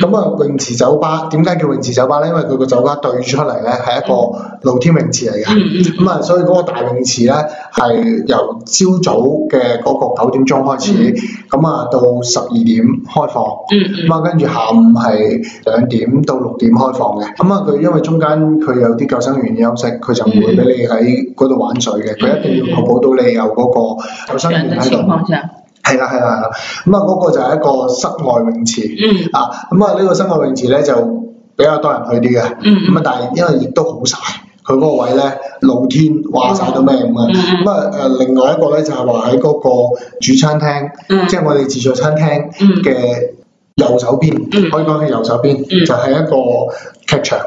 咁啊泳池酒吧點解叫泳池酒吧呢？因為佢個酒吧對出嚟呢，係一個露天泳池嚟嘅，咁啊所以嗰個大泳池呢，係由朝早嘅嗰個九點鐘開始，咁啊到十二點開放，咁啊跟住下午係兩點到六點開放嘅。咁啊佢因為中間佢有啲救生員休息，佢就唔會俾你喺嗰度玩水嘅，佢一定要確保到你有嗰個救生員喺度。係啦，係啦，咁啊，嗰、那個就係一個室外泳池，嗯、啊，咁啊，呢個室外泳池咧就比較多人去啲嘅，咁啊、嗯，但係因為亦都好曬，佢嗰個位咧露天，話曬到咩咁、嗯、啊，咁啊誒，另外一個咧就係話喺嗰個主餐廳，嗯、即係我哋自助餐廳嘅右手邊，嗯、可以講係右手邊，嗯、就係一個劇場。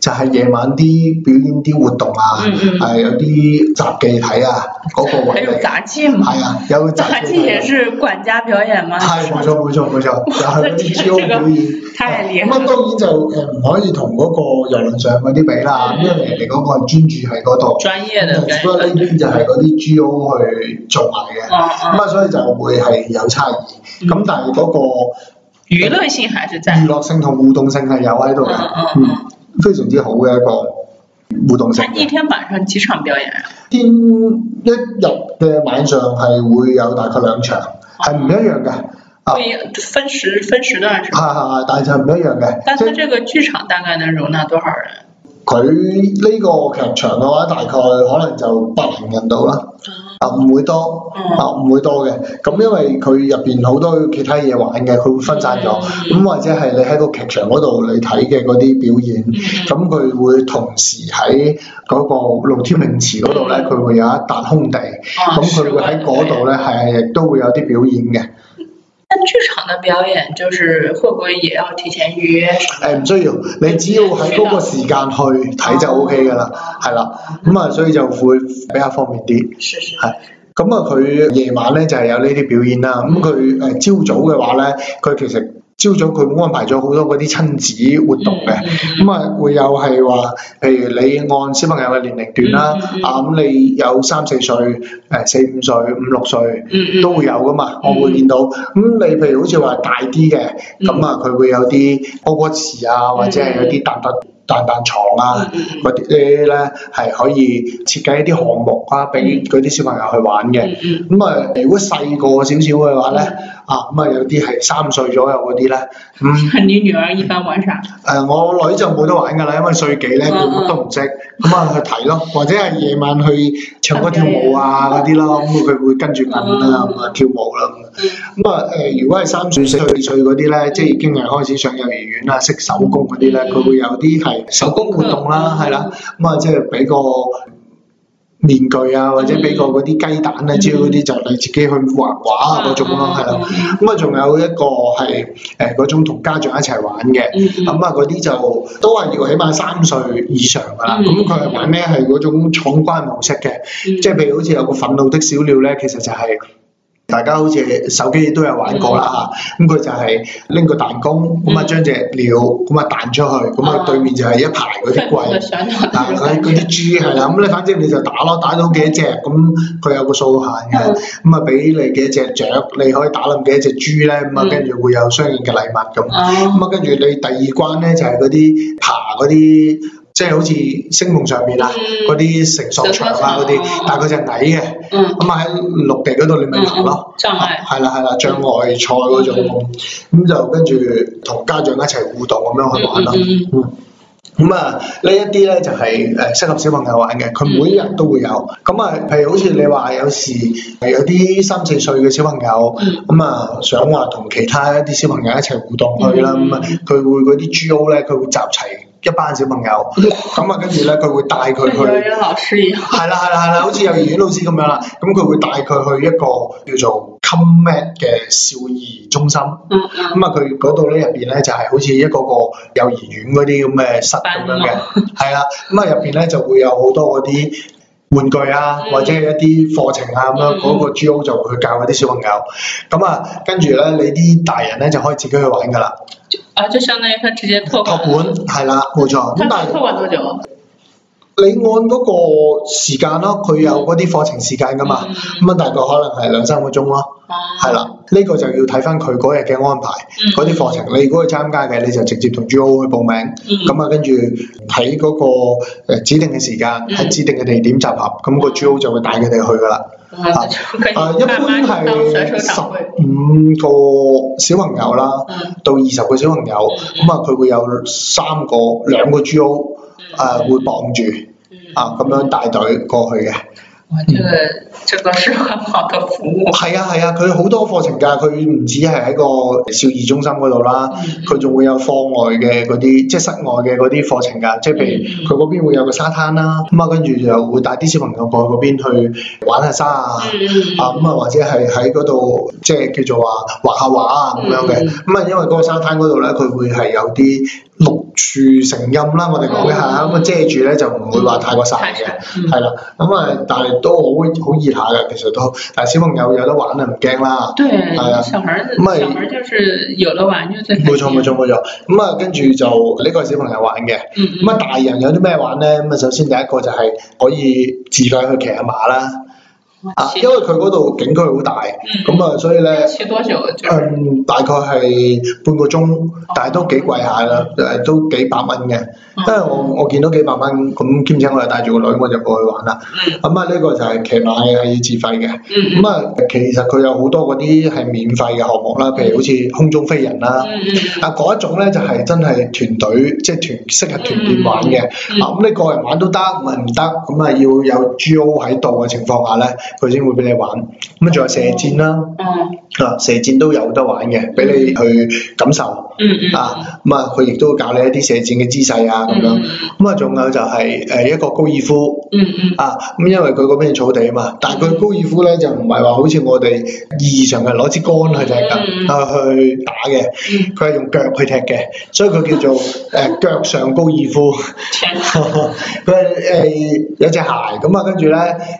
就係夜晚啲表演啲活動啊，係有啲雜技睇啊，嗰個位。有雜技嘛？係啊，有雜技。雜技也是管家表演嘛？係冇錯冇錯冇錯，又係嗰啲 G O 表演。太厲害！咁啊當然就唔可以同嗰個遊輪上嗰啲比啦，因為人哋嗰個專注喺嗰度。專業嘅。主要呢邊就係嗰啲 G O 去做埋嘅，咁啊所以就會係有差異。咁但係嗰個娛樂性係最。娛樂性同互動性係有喺度嘅。非常之好嘅一個互動式。一天晚上幾場表演啊？天一日嘅晚上係會有大概兩場，係唔呵一樣嘅。 *noise* 啊，分時分時段。係係係，但係就唔一樣嘅。但係佢這個劇場大概能容納多少人？佢呢個劇場嘅話，大概可能就百零人度啦，嗯、啊唔會多，嗯、啊唔會多嘅。咁因為佢入邊好多其他嘢玩嘅，佢會分散咗。咁、嗯、或者係你喺個劇場嗰度你睇嘅嗰啲表演，咁佢、嗯、會同時喺嗰個露天泳池嗰度咧，佢、嗯、會有一笪空地，咁佢、啊、會喺嗰度咧係亦都會有啲表演嘅。劇場嘅表演就是會不會也要提前預約？誒唔需要，你只要喺嗰個時間去睇就 OK 噶啦，係啦，嗯，咁啊，嗯，所以就會比較方便啲，係係係，係，咁啊佢夜晚咧就係有呢啲表演啦，咁佢誒朝早嘅話咧佢其實。朝早佢安排咗好多嗰啲親子活動嘅，咁啊、mm hmm. 會有係話，譬如你按小朋友嘅年齡段啦，啊咁、mm hmm. 嗯、你有三四歲，誒四五歲、五六歲都會有㗎嘛，我會見到。咁、mm hmm. 你譬如好似話大啲嘅，咁啊佢會有啲高歌，歌詞啊，或者係有啲彈得。Mm hmm. 彈彈床啊，嗰啲咧係可以設計一啲項目啊，俾嗰啲小朋友去玩嘅。咁啊，如果細個少少嘅話咧，啊咁啊有啲係三歲左右嗰啲咧，嗯，你女兒依家玩乜？誒，我女就冇得玩㗎啦，因為歲幾咧佢乜都唔識，咁啊去睇咯，或者係夜晚去唱歌跳舞啊嗰啲咯，咁佢會跟住韻啦，咁啊跳舞啦。咁啊誒，如果係三歲四歲嗰啲咧，即係已經係開始上幼兒園啦，識手工嗰啲咧，佢會有啲係手工活動啦，係啦，咁啊即係俾個面具啊，或者俾個嗰啲雞蛋啊之類嗰啲，就你自己去畫畫嗰種囉，係啦，咁啊仲有一個係誒嗰種同家長一齊玩嘅，咁啊嗰啲就都係要起碼三歲以上噶啦，咁佢係玩咩？係嗰種闖關模式嘅，即係譬如好似有個憤怒的小鳥咧，其實就係。大家好似手機都有玩過啦吓，咁佢、嗯嗯嗯、就係拎個彈弓，咁、嗯、啊將隻鳥咁啊彈出去，咁啊對面就係一排嗰啲怪，嗱佢啲豬係啦，咁、嗯、你反正你就打咯，打到幾多隻，咁佢有個數限嘅，咁啊俾你幾多隻雀，你可以打冧幾多隻豬咧，咁啊跟住會有相應嘅禮物咁，咁啊跟住你第二關咧就係嗰啲爬嗰啲。即係好似星夢上面啊，嗰啲成熟場啊嗰啲，但係嗰隻蟻嘅，咁啊喺陸地嗰度你咪行咯，係啦係啦障礙賽嗰種，咁、嗯、就跟住同家長一齊互動咁樣去玩咯，咁、嗯嗯嗯嗯嗯、啊呢一啲咧就係誒適合小朋友玩嘅，佢每一日都會有，咁啊譬如好似你話有時有啲三四歲嘅小朋友，咁啊、嗯嗯嗯嗯、想話同其他一啲小朋友一齊互動去啦，咁啊佢會嗰啲 G O 咧佢會集齊。一班小朋友，咁啊跟住咧，佢會帶佢去，係啦係啦係啦，好似幼兒園老師咁樣啦，咁佢 *laughs* 會帶佢去一個叫做 Comet 嘅少兒中心，咁啊佢嗰度咧入邊咧就係好似一個個幼兒園嗰啲咁嘅室咁樣嘅，係啊， *laughs* 咁啊入邊咧就會有好多嗰啲。玩具啊，或者一啲課程啊咁樣，嗰個 G O 就會教嗰啲小朋友，咁、嗯、啊，跟住咧你啲大人咧就可以自己去玩噶啦。啊，就相當於佢直接託管。係啦，冇錯，咁、嗯、但係是託管多久啊？你按嗰個時間咯，佢有嗰啲課程時間噶嘛，咁啊大概可能係兩三個鐘咯，係啦，呢個就要睇翻佢嗰日嘅安排，嗰啲課程。你如果去參加嘅，你就直接同 G O 去報名，咁啊跟住喺嗰個指定嘅時間，喺指定嘅地點集合，咁個 G O 就會帶佢哋去噶啦，啊一般係十五個小朋友啦，到二十個小朋友，咁啊佢會有三個兩個 G O。誒、呃，會綁住啊，咁樣帶隊過去嘅。嗯做個雙學嘅服務，係啊係啊，佢好多課程㗎，佢唔止係喺個少兒中心嗰度啦，佢仲會有課外嘅嗰啲，即係室外嘅嗰啲課程㗎，即係譬如佢嗰邊會有個沙灘啦，咁啊跟住又會帶啲小朋友過去嗰邊去玩下沙、嗯、啊，啊咁啊或者係喺嗰度，即係叫做話、啊、畫下畫、嗯、啊咁樣嘅，咁啊因為嗰個沙灘嗰度咧，佢會係有啲綠樹成蔭啦，我哋講一下，咁啊遮住咧就唔會話太過曬嘅，係啦、嗯，咁、嗯、啊、嗯、但係都好好下嘅其實都，但係小朋友有得玩就唔驚啦。對，係啊。啊小孩，咁啊就係有得玩，冇錯冇錯冇錯、嗯，跟住就呢、這個小朋友玩嘅。咁啊、嗯嗯，大人有啲咩玩咧？咁啊，首先第一個就係可以自費去騎下馬啦。啊，因為佢嗰度景區好大，咁啊，所以咧，嗯，大概係半個鐘，但係都幾貴下啦，誒，都幾百蚊嘅，因為我我見到幾百蚊，咁兼且我又帶住個女，我就過去玩啦。咁啊，呢個就係騎馬嘅，係要自費嘅。咁啊，其實佢有好多嗰啲係免費嘅項目啦，譬如好似空中飛人啦，啊嗰一種咧就係真係團隊，即係團適合團隊玩嘅。嗱咁你個人玩都得，唔係唔得，咁啊要有 G O 喺度嘅情況下咧。佢先會俾你玩，咁仲有射箭啦，射箭、嗯、都有得玩嘅，俾你去感受。嗯、啊，咁、嗯嗯、Brothers 啊佢亦都會教你一啲射箭嘅姿勢啊咁樣，咁啊仲有就係誒一個高爾夫，啊咁因為佢嗰邊草地啊嘛，但係佢高爾夫咧就唔係話好似我哋意義上嘅攞支杆去踢噶，啊去打嘅，佢係用腳去踢嘅，所以佢叫做誒腳上高爾夫。佢誒有隻鞋，咁啊跟住咧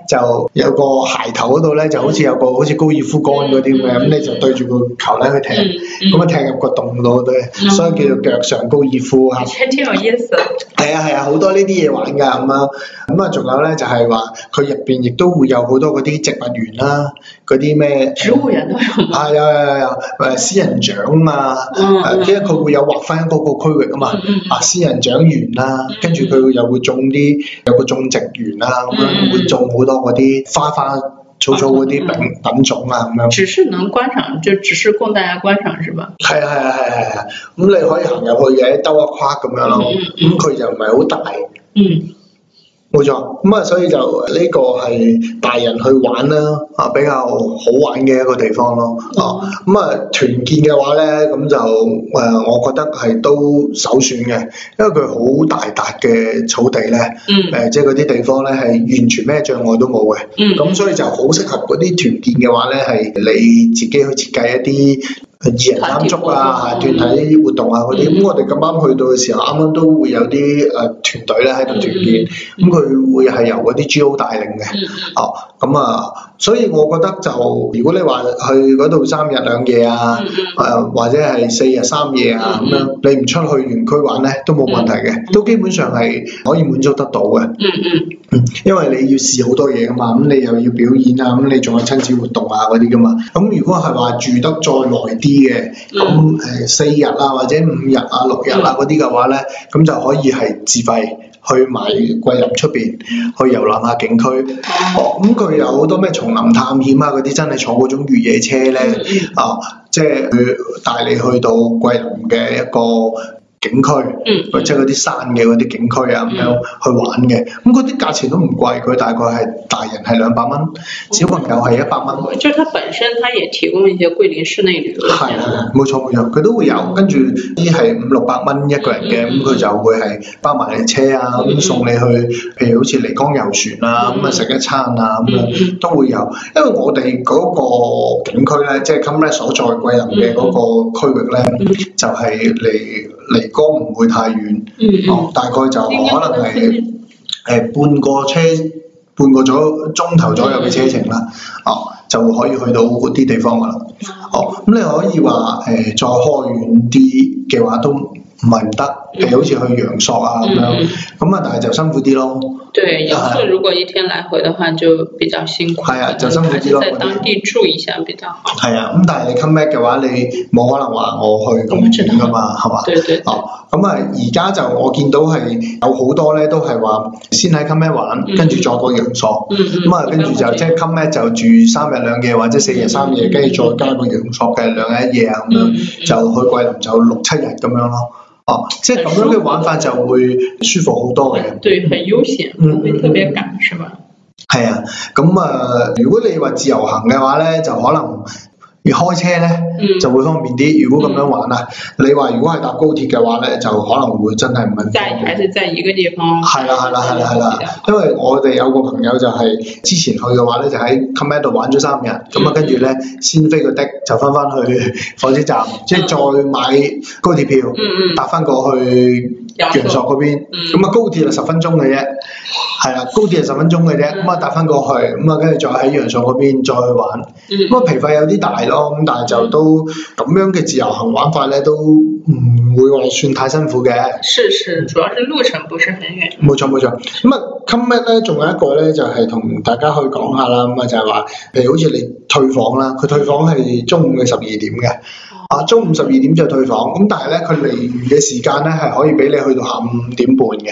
就有個鞋頭嗰度咧就好似有個好似高爾夫杆嗰啲咁嘅，咁你就對住個球咧去踢，咁啊踢入個洞度。所以叫做腳上高爾夫嚇，係啊係啊，好多呢啲嘢玩㗎咁啊，咁啊仲有咧就係話佢入邊亦都會有好多嗰啲植物園啦，嗰啲咩，主、啊、物人都有，係 *noise* 啊係啊係啊，仙人掌啊，mm hmm. 因為佢會有劃翻嗰個區域啊嘛，啊仙人掌園啦，跟住佢又會種啲有個種植園啦，咁樣會種好多嗰啲花花。草草嗰啲品品種啊咁樣，嗯、只是能觀賞，就只是供大家觀賞，是吧？係啊係啊係係係，咁你可以行入去嘅，兜一框咁樣咯，咁佢就唔係好大。嗯。冇錯，咁啊，所以就呢個係大人去玩啦，啊比較好玩嘅一個地方咯，哦、啊，咁啊團建嘅話咧，咁就誒我覺得係都首選嘅，因為佢好大笪嘅草地咧，誒即係嗰啲地方咧係完全咩障礙都冇嘅，咁、嗯、所以就好適合嗰啲團建嘅話咧係你自己去設計一啲。二人三足啊，團體活動啊嗰啲，咁、嗯、我哋咁啱去到嘅時候，啱啱都會有啲誒團隊咧喺度團建，咁佢、嗯嗯嗯、會係由嗰啲 G.O 帶領嘅，嗯、哦，咁、嗯、啊，所以我覺得就如果你話去嗰度三日兩夜啊，誒、嗯啊、或者係四日三夜啊咁樣、嗯嗯嗯，你唔出去園區玩咧都冇問題嘅，都基本上係可以滿足得到嘅、嗯，嗯嗯，因為你要試好多嘢噶嘛，咁你又要表演啊，咁你仲有親子活動啊嗰啲噶嘛，咁如果係話住得再耐啲。啲嘅，咁誒、嗯嗯、四日啊，或者五日啊、六日啊嗰啲嘅話咧，咁、嗯、就可以係自費去埋桂林出邊、嗯、去遊覽下景區哦，咁佢、嗯嗯、有好多咩叢林探險啊嗰啲，真係坐嗰種越野車咧，嗯、啊，即係佢帶你去到桂林嘅一個。景區，或者嗰啲山嘅嗰啲景區啊咁樣去玩嘅，咁嗰啲價錢都唔貴，佢大概係大人係兩百蚊，小朋友係一百蚊。即就佢本身，佢也提供一些桂林室內旅遊嘅。係啊，冇錯冇錯，佢都會有，跟住啲係五六百蚊一個人嘅，咁佢就會係包埋你車啊，咁送你去，譬如好似漓江遊船啊，咁啊食一餐啊，咁樣都會有。因為我哋嗰個景區呢，即係今日所在桂林嘅嗰個區域呢，就係離離江唔會太遠，哦，大概就可能係誒半個車半個左鐘頭左右嘅車程啦，哦，就可以去到嗰啲地方㗎喇。哦，咁你可以話誒再開遠啲嘅話都唔係唔得，譬如好似去陽朔啊咁樣，咁啊但係就辛苦啲咯。對，陽朔如果一天來回嘅話就比較辛苦。係啊，就辛苦啲咯。咁當地住一下比較好。係啊，咁但係你 come back 嘅話，你冇可能話我去咁遠噶嘛，係嘛？對對。咁啊，而家就我見到係有好多咧，都係話先喺 come back 玩，跟住再過陽朔。咁啊，跟住就即係 come back 就住三日兩夜或者四日三夜，跟住再加個陽朔嘅兩日一夜啊咁樣，就去桂林就六七日咁樣咯。哦，即係咁樣嘅玩法就會舒服好多嘅。對，很悠閒，唔會、嗯、特別趕，係嘛？係啊，咁、嗯、啊，如果你話自由行嘅話咧，就可能。而開車呢、嗯、就會方便啲，如果咁樣玩啊，嗯、你話如果係搭高鐵嘅話呢，就可能會真係唔係。地方。係啦係啦係啦係啦，啊啊啊、因為我哋有個朋友就係、是、之前去嘅話呢，就喺 Club Med 度玩咗三日，咁啊跟住呢，先飛個的就翻翻去火車站，即係、嗯、再買高鐵票搭翻過去、嗯。陽朔嗰邊，咁啊、嗯、高鐵係十分鐘嘅啫，係啦、啊，高鐵係十分鐘嘅啫，咁啊搭翻過去，咁啊跟住再喺陽朔嗰邊再去玩，咁啊皮費有啲大咯，咁但係就都咁、嗯、樣嘅自由行玩法咧都嗯。會話算太辛苦嘅。是是，主要是路程不是很遠。冇錯冇錯。咁啊，今日咧仲有一個咧，就係同大家去講下啦，咁啊就係話，譬如好似你退房啦，佢退房係中午嘅十二點嘅。啊，中午十二點就退房，咁但係咧佢離預嘅時間咧係可以俾你去到下午五點半嘅。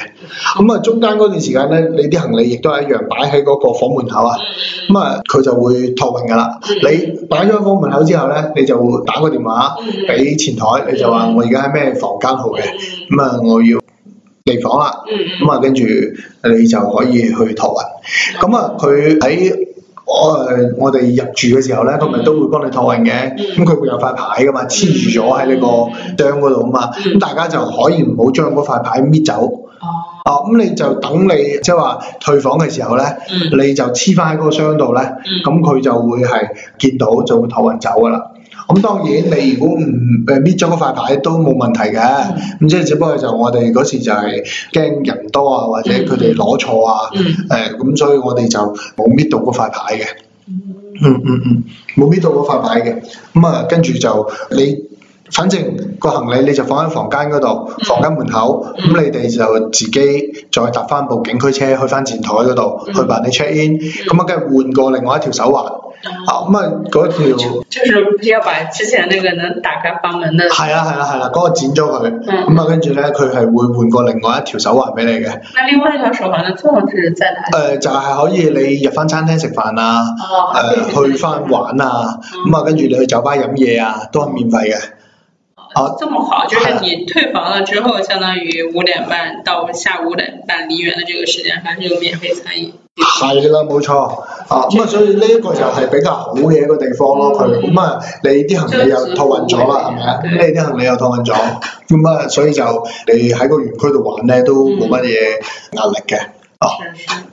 咁啊，中間嗰段時間咧，你啲行李亦都係一樣擺喺嗰個房門口啊。咁啊、嗯，佢就會託運㗎啦。嗯、你擺咗喺房門口之後咧，你就打個電話俾前台，你就話我而家喺咩房間號嘅，咁啊，我要離房啦，咁啊，跟住你就可以去託運。咁啊，佢喺我誒，我哋入住嘅時候咧，佢咪都會幫你託運嘅。咁佢會有塊牌噶嘛，黐住咗喺你個箱嗰度啊嘛。咁大家就可以唔好將嗰塊牌搣走。啊，咁你就等你即係話退房嘅時候咧，你就黐翻喺個箱度咧，咁佢就會係見到就會託運走噶啦。咁、嗯、當然你如果唔誒搣咗嗰塊牌都冇問題嘅，咁即係只不過就我哋嗰時就係驚人多啊，或者佢哋攞錯啊，誒、呃、咁、嗯、所以我哋就冇搣到嗰塊牌嘅，嗯嗯嗯，冇、嗯、搣到嗰塊牌嘅，咁、嗯、啊跟住就你，反正個行李你就放喺房間嗰度，房間門口，咁、嗯、你哋就自己再搭翻部景區車去翻前台嗰度去辦理 check in，咁啊跟住換過另外一條手環。好，咁、嗯、啊，嗰、嗯、條、那個、就，就是要把之前那個能打開房門的。係啊係啊係啦，嗰、啊那個剪咗佢。咁啊、嗯，跟住咧，佢、嗯、係會換過另外一條手環俾你嘅。那另外一條手環的作用是在哪？誒、呃，就係、是、可以你入翻餐廳食飯啊，誒，去翻玩啊，咁啊、嗯，跟住你去酒吧飲嘢啊，都係免費嘅。哦、嗯，啊、這麼好，就是你退房了之後，相當於五點半到下午五點半離園嘅這個時間，還是有免費餐飲。係啦，冇錯啊，咁啊，所以呢個就係比較好嘅一個地方咯，佢，咁啊，你啲行李又托運咗啦，係咪啊？你啲行李又託運咗，咁啊，所以就你喺個園區度玩咧，都冇乜嘢壓力嘅。哦，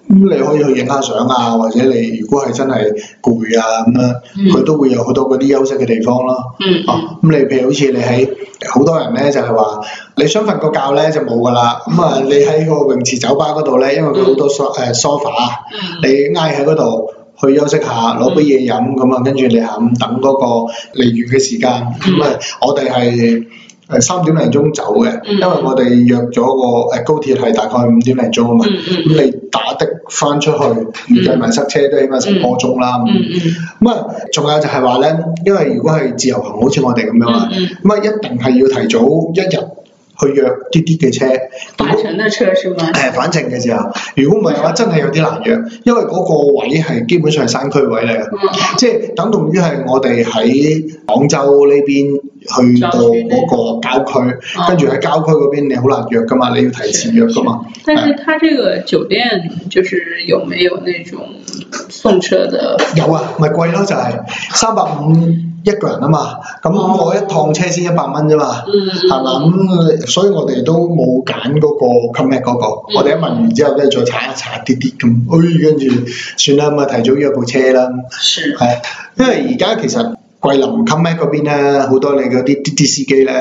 咁你可以去影下相啊，或者你如果係真係攰啊咁樣，佢、嗯、都會有好多嗰啲休息嘅地方咯。嗯、哦，咁你譬如好似你喺好多人咧就係、是、話，你想瞓個覺咧就冇噶啦。咁、嗯、啊，嗯、你喺個泳池酒吧嗰度咧，因為佢好多梳誒 sofa，你挨喺嗰度去休息下，攞杯嘢飲咁啊，跟住、嗯嗯、你下午等嗰個離園嘅時間。咁啊，我哋係。誒三點零鐘走嘅，因為我哋約咗個誒高鐵係大概五點零鐘啊嘛，咁你、嗯嗯嗯、打的翻出去，唔計埋塞車都起碼成個鐘啦。咁、嗯、啊、嗯嗯嗯，仲有就係話咧，因為如果係自由行，好似我哋咁樣啊，咁啊一定係要提早一日。去約啲啲嘅車，返程嘅車係嗎？誒返程嘅時候，如果唔係嘅話，真係有啲難約，嗯、因為嗰個位係基本上係山區位嚟嘅，嗯、即係等同於係我哋喺廣州呢邊去到嗰個郊區，跟住喺郊區嗰邊你好難約噶嘛，你要提前約噶嘛。但是佢這個酒店就是有沒有那種送車的？嗯、有啊，咪貴咯就係三百五。嗯一個人啊嘛，咁我一趟車先一百蚊啫嘛，係嘛、嗯？咁所以我哋都冇揀嗰個 Club Med 嗰個，那個嗯、我哋一問完之後咧再查一查滴滴咁，哎跟住算啦，咁啊提早約部車啦，係，因為而家其實桂林 Club Med 嗰邊咧，好多你嗰啲滴滴司機咧，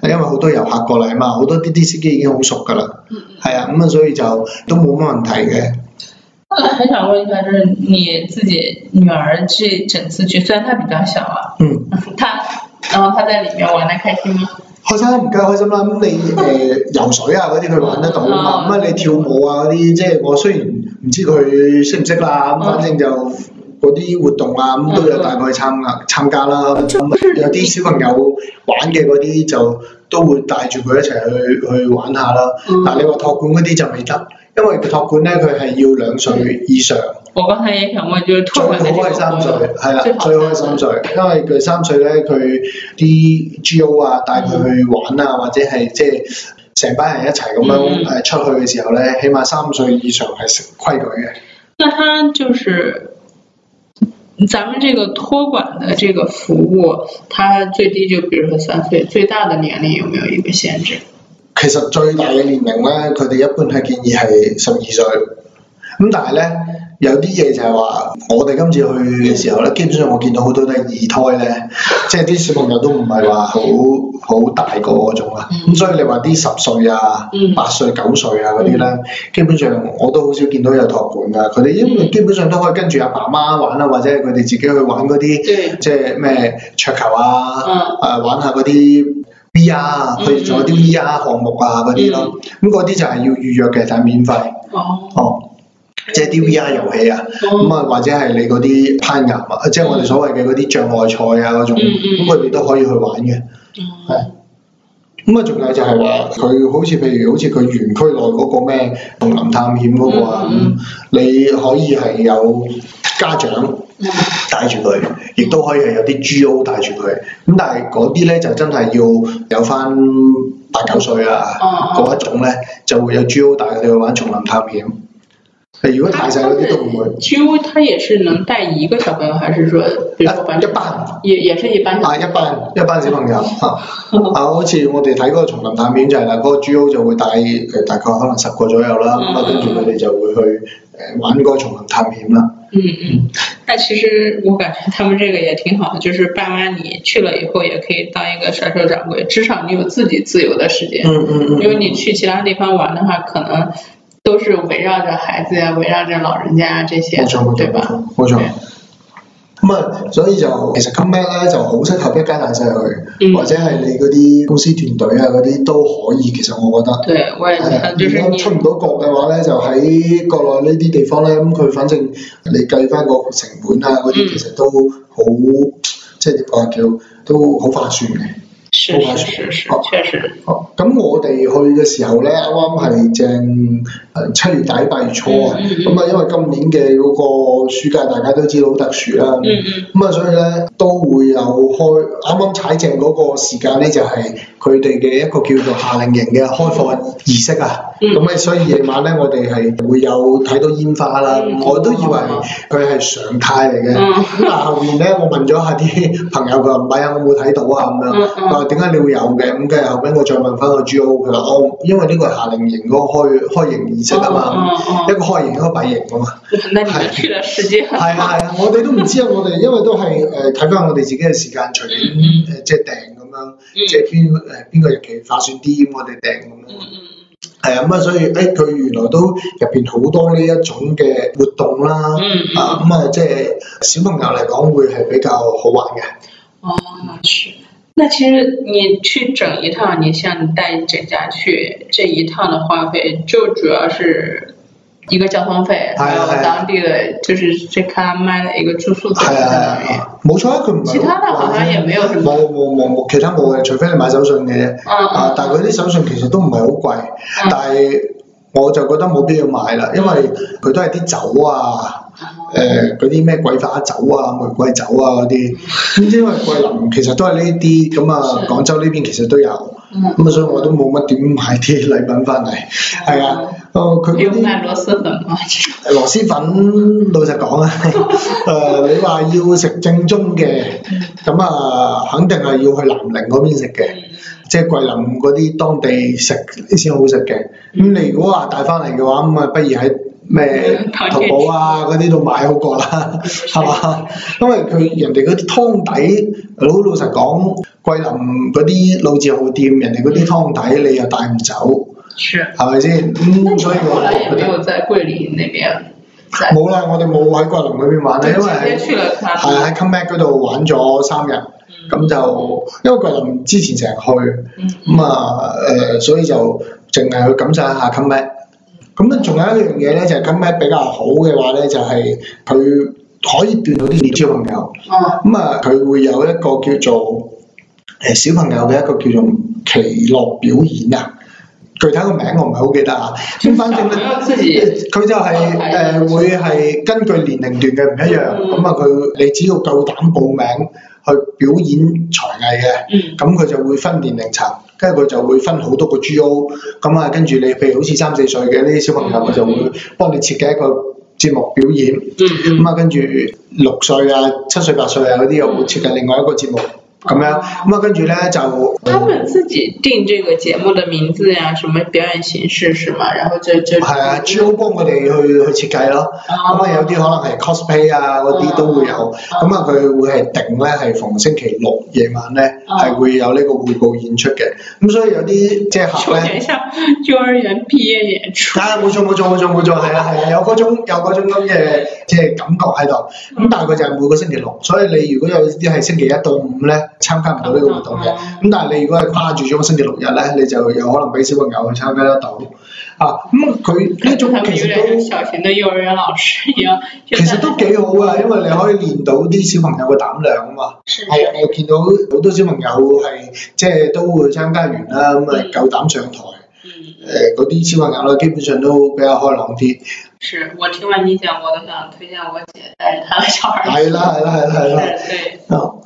嗯、因為好多遊客過嚟啊嘛，好多滴滴司機已經好熟噶啦，係啊、嗯，咁啊所以就都冇乜問題嘅。我很想問一下，就是你自己女兒去整次去，雖然她比較小啊，嗯，她然後她在裡面玩得開心嗎？學生，開心梗係開心啦，咁你誒、呃、游水啊嗰啲佢玩得到啊嘛，咁啊、嗯嗯嗯、你跳舞啊嗰啲，即係我雖然唔知佢識唔識啦，咁反正就嗰啲活動啊咁都有帶佢去參啦參加啦，咁、嗯嗯、有啲小朋友玩嘅嗰啲就都會帶住佢一齊去去玩下啦，但係你話託管嗰啲就未得。因為托管咧，佢係要兩歲以上。我剛才也想問，就託埋你哋。最好係三歲，係啦，最好係三歲，因為佢三歲咧，佢啲 G.O. 啊，帶佢去玩啊，或者係即係成班人一齊咁樣誒出去嘅時候咧，嗯、起碼三歲以上係規矩嘅。那他就是，咱們這個托管的這個服務，它最低就比如說三歲，最大的年齡有沒有一個限制？其實最大嘅年齡咧，佢哋一般係建議係十二歲。咁但係咧，有啲嘢就係話，我哋今次去嘅時候咧，基本上我見到好多都係二胎咧，即係啲小朋友都唔係話好好大個嗰種啊。咁、嗯、所以你話啲十歲啊、八歲、嗯、九歲啊嗰啲咧，基本上我都好少見到有託管㗎。佢哋因為基本上都可以跟住阿爸媽玩啊，或者係佢哋自己去玩嗰啲，嗯、即係咩桌球啊，誒、嗯啊、玩下嗰啲。V R 啊，佢仲有啲 V R 項目啊嗰啲咯，咁嗰啲就係要預約嘅，就係免費哦，即係啲 V R 遊戲啊，咁、mm hmm. 啊或者係你嗰啲攀岩啊，即係我哋所謂嘅嗰啲障礙賽啊嗰種，咁佢哋都可以去玩嘅，係、oh.。咁啊，仲有就係話佢好似譬如好似佢園區內嗰個咩叢林探險嗰、嗰個啊，嗯嗯、你可以係有家長帶住佢，亦都、嗯、可以係有啲 G O 帶住佢，咁但係嗰啲咧就真係要有翻八九歲啊嗰、嗯嗯、一種咧，就會有 G O 帶佢去玩叢林探險。如果太細啲都唔會，G O，他也是能帶一個小朋友，還是說，比如說一一班般，也也是一般，啊，一般，一般小朋友，啊,啊，好像我哋睇嗰個叢林探險就係啦，個 G O 就會帶誒大概可能十個左右啦，跟住佢哋就會去誒、呃、玩嗰個叢林探險啦。嗯嗯，嗯嗯但其實我感覺他們這個也挺好，就是爸媽你去了以後也可以當一個甩手掌櫃，至少你有自己自由的時間。嗯嗯嗯。因、嗯、為你去其他地方玩的話，可能。都是圍繞着孩子啊，圍繞著老人家這些，沒錯對吧？冇錯。咁啊對，所以就其實今晚咧就好適合一家大細去，嗯、或者係你嗰啲公司團隊啊嗰啲都可以。其實我覺得，係。如果、哎、出唔到國嘅話呢，就喺國內呢啲地方呢，咁佢反正你計翻個成本啊嗰啲，嗯、其實都好，即係話叫都好劃算嘅。高壓船哦，哦，咁我哋去嘅時候咧，啱啱係正誒七月底八月初啊，咁啊、呃，因為今年嘅嗰個暑假大家都知道好特殊啦，咁啊、嗯，所以咧都會有開啱啱踩正嗰個時間咧，就係佢哋嘅一個叫做夏令營嘅開放儀式啊，咁啊、嗯，所以夜晚咧，我哋係會有睇到煙花啦，嗯、我都以為佢係常態嚟嘅，咁、嗯、但係後面咧，我問咗下啲朋友，佢話唔係啊，我冇睇到啊，咁樣，我話點？嗯咁 *noise* *noise* *noise* 啊，你、啊、會、啊、 *noise* 有嘅咁，跟住後尾我再問翻個 G O 佢話，我因為呢個係夏令營嗰個開開營儀式啊嘛，一個開營一個閉營啊嘛，係啊係啊，我哋都唔知啊，我哋因為都係誒睇翻我哋自己嘅時間，隨便誒即係訂咁樣，嗯、即係邊誒邊個日期划算啲，咁我哋訂咁樣。啊，咁啊，所以誒佢原來都入邊好多呢一種嘅活動啦，啊咁啊，即、嗯、係、嗯嗯嗯、 *laughs* 小朋友嚟講會係比較好玩嘅。哦、啊，那其實你去整一趟，你像帶整家去，這一趟的花費就主要是一個交通費，還有、啊、當地的，就是卡賣的一個住宿費、啊、在哪裏。冇、啊、錯啊，佢唔係。其他的好像也沒有什麼。冇冇冇冇，其他冇嘅，除非你買手信嘅啫。啊。啊但佢啲手信其實都唔係好貴，啊啊、但係我就覺得冇必要買啦，因為佢都係啲酒啊。啊誒嗰啲咩桂花酒啊、玫瑰酒啊嗰啲，咁因為桂林其實都係呢啲，咁啊的廣州呢邊其實都有，咁啊、嗯、所以我都冇乜點買啲禮品翻嚟，係 *laughs* 啊，哦佢叫啲，有冇買螺螄粉啊？螺螄粉老實講啊，誒你話要食正宗嘅，咁啊肯定係要去南寧嗰邊食嘅，嗯、即係桂林嗰啲當地食啲先好食嘅，咁、嗯、你如果話帶翻嚟嘅話，咁啊不如喺，咩淘寶啊嗰啲都買好過啦，係嘛？因為佢人哋嗰啲湯底，老老實講，桂林嗰啲老字號店，人哋嗰啲湯底你又帶唔走，係咪先？咁所以我，都桂林冇啦，我哋冇喺桂林嗰邊玩咧，因為係喺 Club Med 嗰度玩咗三日，咁、嗯、就因為桂林之前成日去，咁啊誒，所以就淨係去感受一下 Club Med。咁咧，仲有一樣嘢咧，就係咁咧比較好嘅話咧，就係、是、佢可以斷到啲年小朋友。哦、嗯。咁啊，佢會有一個叫做誒、呃、小朋友嘅一個叫做奇樂表演啊。嗯、具體個名我唔係好記得啊。咁、嗯、反正咧，佢是就係、是、誒、嗯、會係根據年齡段嘅唔一樣。咁啊、嗯，佢你只要夠膽報名去表演才藝嘅，咁佢、嗯、就會分年齡層。跟住佢就會分好多個 G.O. 咁啊，跟住你譬如好似三四歲嘅啲小朋友，佢就會幫你設計一個節目表演，咁啊跟住六歲啊、七歲、八歲啊嗰啲又會設計另外一個節目。咁樣，咁啊跟住咧就，他們自己定這個節目的名字呀，什麼表演形式是嘛，然後就就，係啊，主要幫佢哋去去設計咯。啊，咁啊有啲可能係 cosplay 啊嗰啲都會有，咁啊佢會係定咧係逢星期六夜晚咧係會有呢個匯報演出嘅，咁所以有啲即係學校，幼兒園畢業演出，啊冇錯冇錯冇錯冇錯係啊係啊有嗰種有嗰種咁嘅即係感覺喺度，咁但係佢就係每個星期六，所以你如果有啲係星期一到五咧。參加唔到呢個活動嘅，咁但係你如果係跨住咗個星期六日咧，你就有可能俾小朋友去參加得到。啊，咁佢呢種其實都小型嘅幼兒園老師其實都幾好啊，嗯、因為你可以練到啲小朋友嘅膽量啊嘛。係的、啊，我見到好多小朋友係即係都會參加完啦，咁啊、嗯、夠膽上台。嗯。嗰啲、呃、小朋友咧，基本上都比較開朗啲。是我聽完你講，我都想推薦我姐帶着他的小孩。係啦，係啦，係啦，係啦。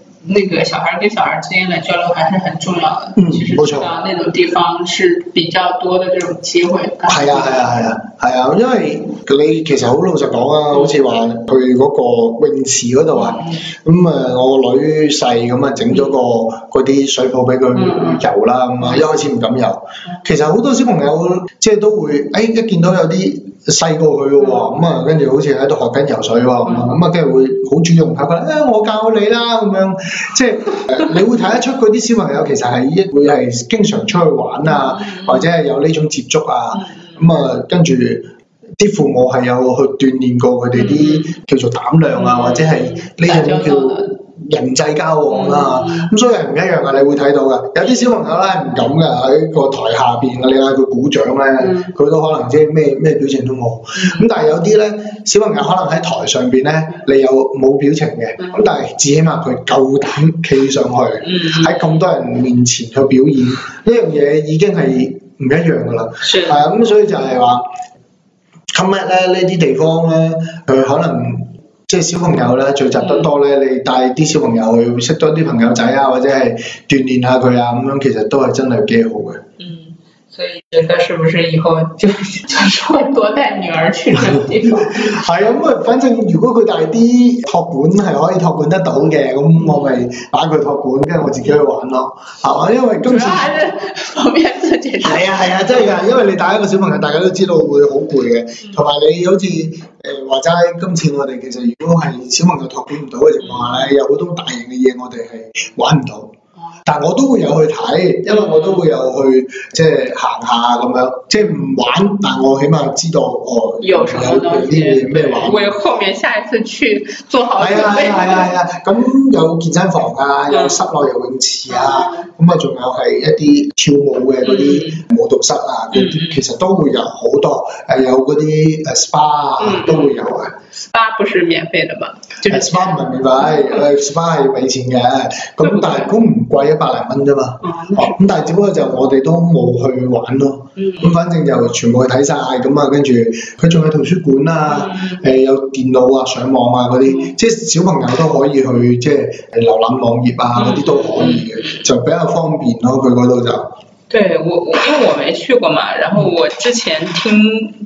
那個小孩跟小孩之間嘅交流還是很重要的，其實到那種地方是比較多的這種機會。係啊係啊係啊，係啊，啊，因為你其實好老實講啊，好似話去嗰個泳池嗰度啊，咁啊、嗯嗯嗯、我女個女細咁啊整咗個嗰啲水泡俾佢游啦，咁啊一開始唔敢游，其實好多小朋友即係都會，誒、哎、一見到有啲細過佢嘅喎，咁啊、嗯嗯嗯嗯、跟住好似喺度學緊游水喎，咁啊跟住會好主動，拍佢。哎「誒我、哎嗯、我教你啦咁樣。 *laughs* 即係你會睇得出嗰啲小朋友其實係一會係經常出去玩啊， *noise* 或者係有呢種接觸啊，咁啊跟住啲父母係有去鍛煉過佢哋啲叫做膽量啊，或者係呢種。叫。 *noise* *noise* 叫人際交往啦、啊，咁、mm hmm. 嗯、所以係唔一樣嘅，你會睇到嘅。有啲小朋友咧唔敢嘅喺個台下邊，你嗌佢鼓掌咧，佢、mm hmm. 都可能即係咩咩表情都冇。咁、嗯、但係有啲咧小朋友可能喺台上邊咧，你有冇表情嘅？咁、mm hmm. 但係至起碼，佢夠膽企上去喺咁、mm hmm. 多人面前去表演，呢樣嘢已經係唔一樣㗎啦。係啊、mm，咁、hmm. 嗯、所以就係話，come 咧呢啲地方咧，佢、呃、可能。即係小朋友咧聚集得多咧，你帶啲小朋友去識多啲朋友仔啊，或者係鍛煉下佢啊，咁樣其實都係真係幾好嘅。所以覺得是不是以後就，就多帶女兒去咯？係啊，咁啊，反正如果佢大啲託管係可以託管得到嘅，咁我咪把佢託管，跟住我自己去玩咯，係啊，因為今次放一日假，係啊係啊，真係噶，因為你帶一個小朋友，大家都知道會好攰嘅，同埋 *laughs* 你好似誒話齋，今、呃、次我哋其實如果係小朋友託管唔到嘅情況下咧，有好多大型嘅嘢我哋係玩唔到。但我都會有去睇，因為我都會有去即係、嗯、行下咁樣，即係唔玩，但我起碼知道哦，有有啲咩玩。境裏。會裏後面下一次去做好準備。係啊係啊係啊，咁有健身房啊，有室內游泳池啊，咁啊仲有係一啲跳舞嘅嗰啲舞蹈室啊，其實都會有好多，誒有嗰啲誒 SPA 啊，都會有啊。SPA、嗯嗯、不是免費嘅嘛？即係 SPA 唔係免費，SPA 係要俾錢嘅，咁但係公。貴一百零蚊啫嘛，咁、啊哦、但係只不過就我哋都冇去玩咯，咁、嗯、反正就全部去睇晒。咁啊，跟住佢仲有圖書館啊，誒、嗯呃、有電腦啊、上網啊嗰啲，嗯、即係小朋友都可以去即係瀏覽網頁啊嗰啲都可以嘅，嗯嗯、就比較方便咯，佢嗰度就。對，我因為我沒去過嘛，然後我之前聽。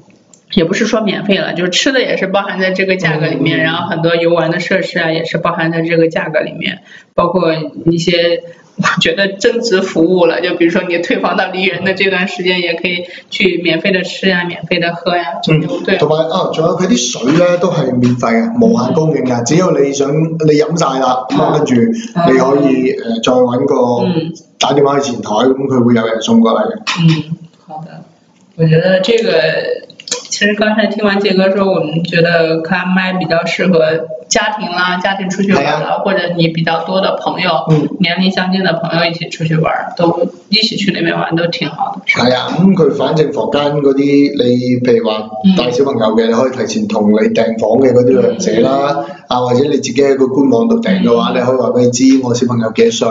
也不是說免費了，就是吃的也是包含在這個價格裏面，然後很多遊玩的設施啊也是包含在這個價格裏面，包括一些我覺得增值服務了，就比如說你退房到離人的這段時間，也可以去免費的吃呀，啊，免費的喝呀，啊，就都、是、對、啊嗯。還仲有佢啲、哦、水呢、啊、都係免費的無限供應的、嗯、只要你想你飲晒、啊、然咁跟住你可以、啊呃、再搵個打電話去前台，咁佢、嗯、會有人送過來的嗯，好的，我覺得這個。其實剛才聽完杰哥說，我們覺得開麥比較適合。家庭啦，家庭出去玩啦，或者你比較多的朋友，年齡相近的朋友一起出去玩，都一起去嗰邊玩都挺好的。係啊，咁佢反正房間嗰啲，你譬如話帶小朋友嘅，你可以提前同你訂房嘅嗰啲旅行社啦，啊或者你自己喺個官網度訂嘅話，你可以話俾你知我小朋友幾歲，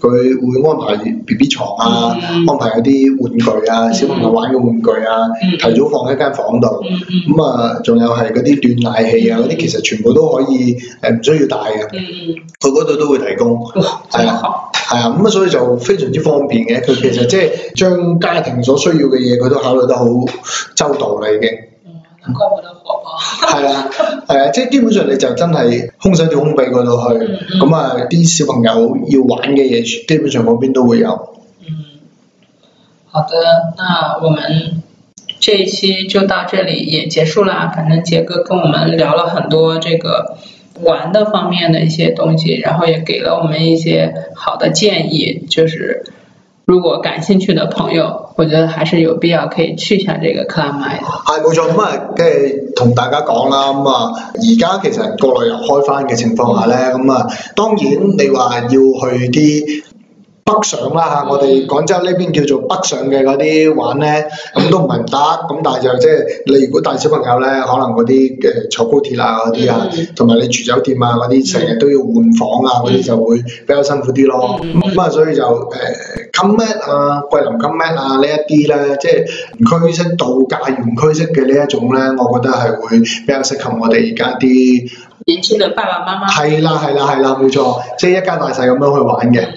佢會安排 BB 床啊，安排有啲玩具啊，小朋友玩嘅玩具啊，提早放喺間房度。咁啊，仲有係嗰啲暖奶器啊嗰啲，其實全部都。可以誒，唔需要帶嘅，佢嗰度都會提供，係、嗯、啊，係啊好，咁啊，所以就非常之方便嘅。佢其實即係將家庭所需要嘅嘢，佢都考慮得好周到啦，已經、嗯。哇，啊！係啊，即係基本上你就真係空手就空臂嗰度去，咁、嗯嗯、啊，啲小朋友要玩嘅嘢基本上嗰邊都會有。嗯，好的，那我們。這一期就到這裏也結束啦，反正傑哥跟我們聊了很多這個玩的方面的一些東西，然後也給了我們一些好的建議，就是如果感興趣的朋友，我覺得還是有必要可以去一下這個 Club Med。係冇錯，咁啊，即係同大家講啦，咁啊，而家其實國內又開翻嘅情況下咧，咁啊，當然你話要去啲。北上啦、啊、嚇，我哋廣州呢邊叫做北上嘅嗰啲玩咧，咁都唔係唔得，咁但係就即、是、係你如果帶小朋友咧，可能嗰啲誒坐高鐵啊嗰啲啊，同埋你住酒店啊嗰啲，成日都要換房啊嗰啲就會比較辛苦啲咯。咁、嗯、啊，所以就誒 Club Med 啊、桂林 Club Med 啊呢一啲咧，即係園區式度假園區式嘅呢一種咧，我覺得係會比較適合我哋而家啲。年輕嘅爸爸媽媽，係啦，係啦，係啦，冇錯，即係、 *noise* 就是、一家大細咁樣去玩嘅。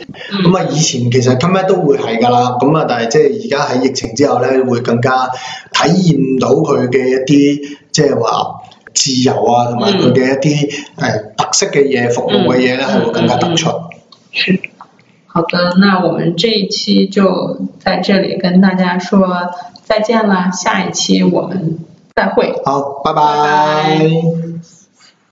咁啊、嗯、以前其實今日都會係㗎啦，咁啊但係即係而家喺疫情之後咧，會更加體驗到佢嘅一啲即係話自由啊，同埋佢嘅一啲誒特色嘅嘢、嗯、服務嘅嘢咧，係會更加突出、嗯嗯嗯嗯。好的，那我們這一期就在這裡跟大家說再見啦，下一期我們再會。好，拜拜。 *noise*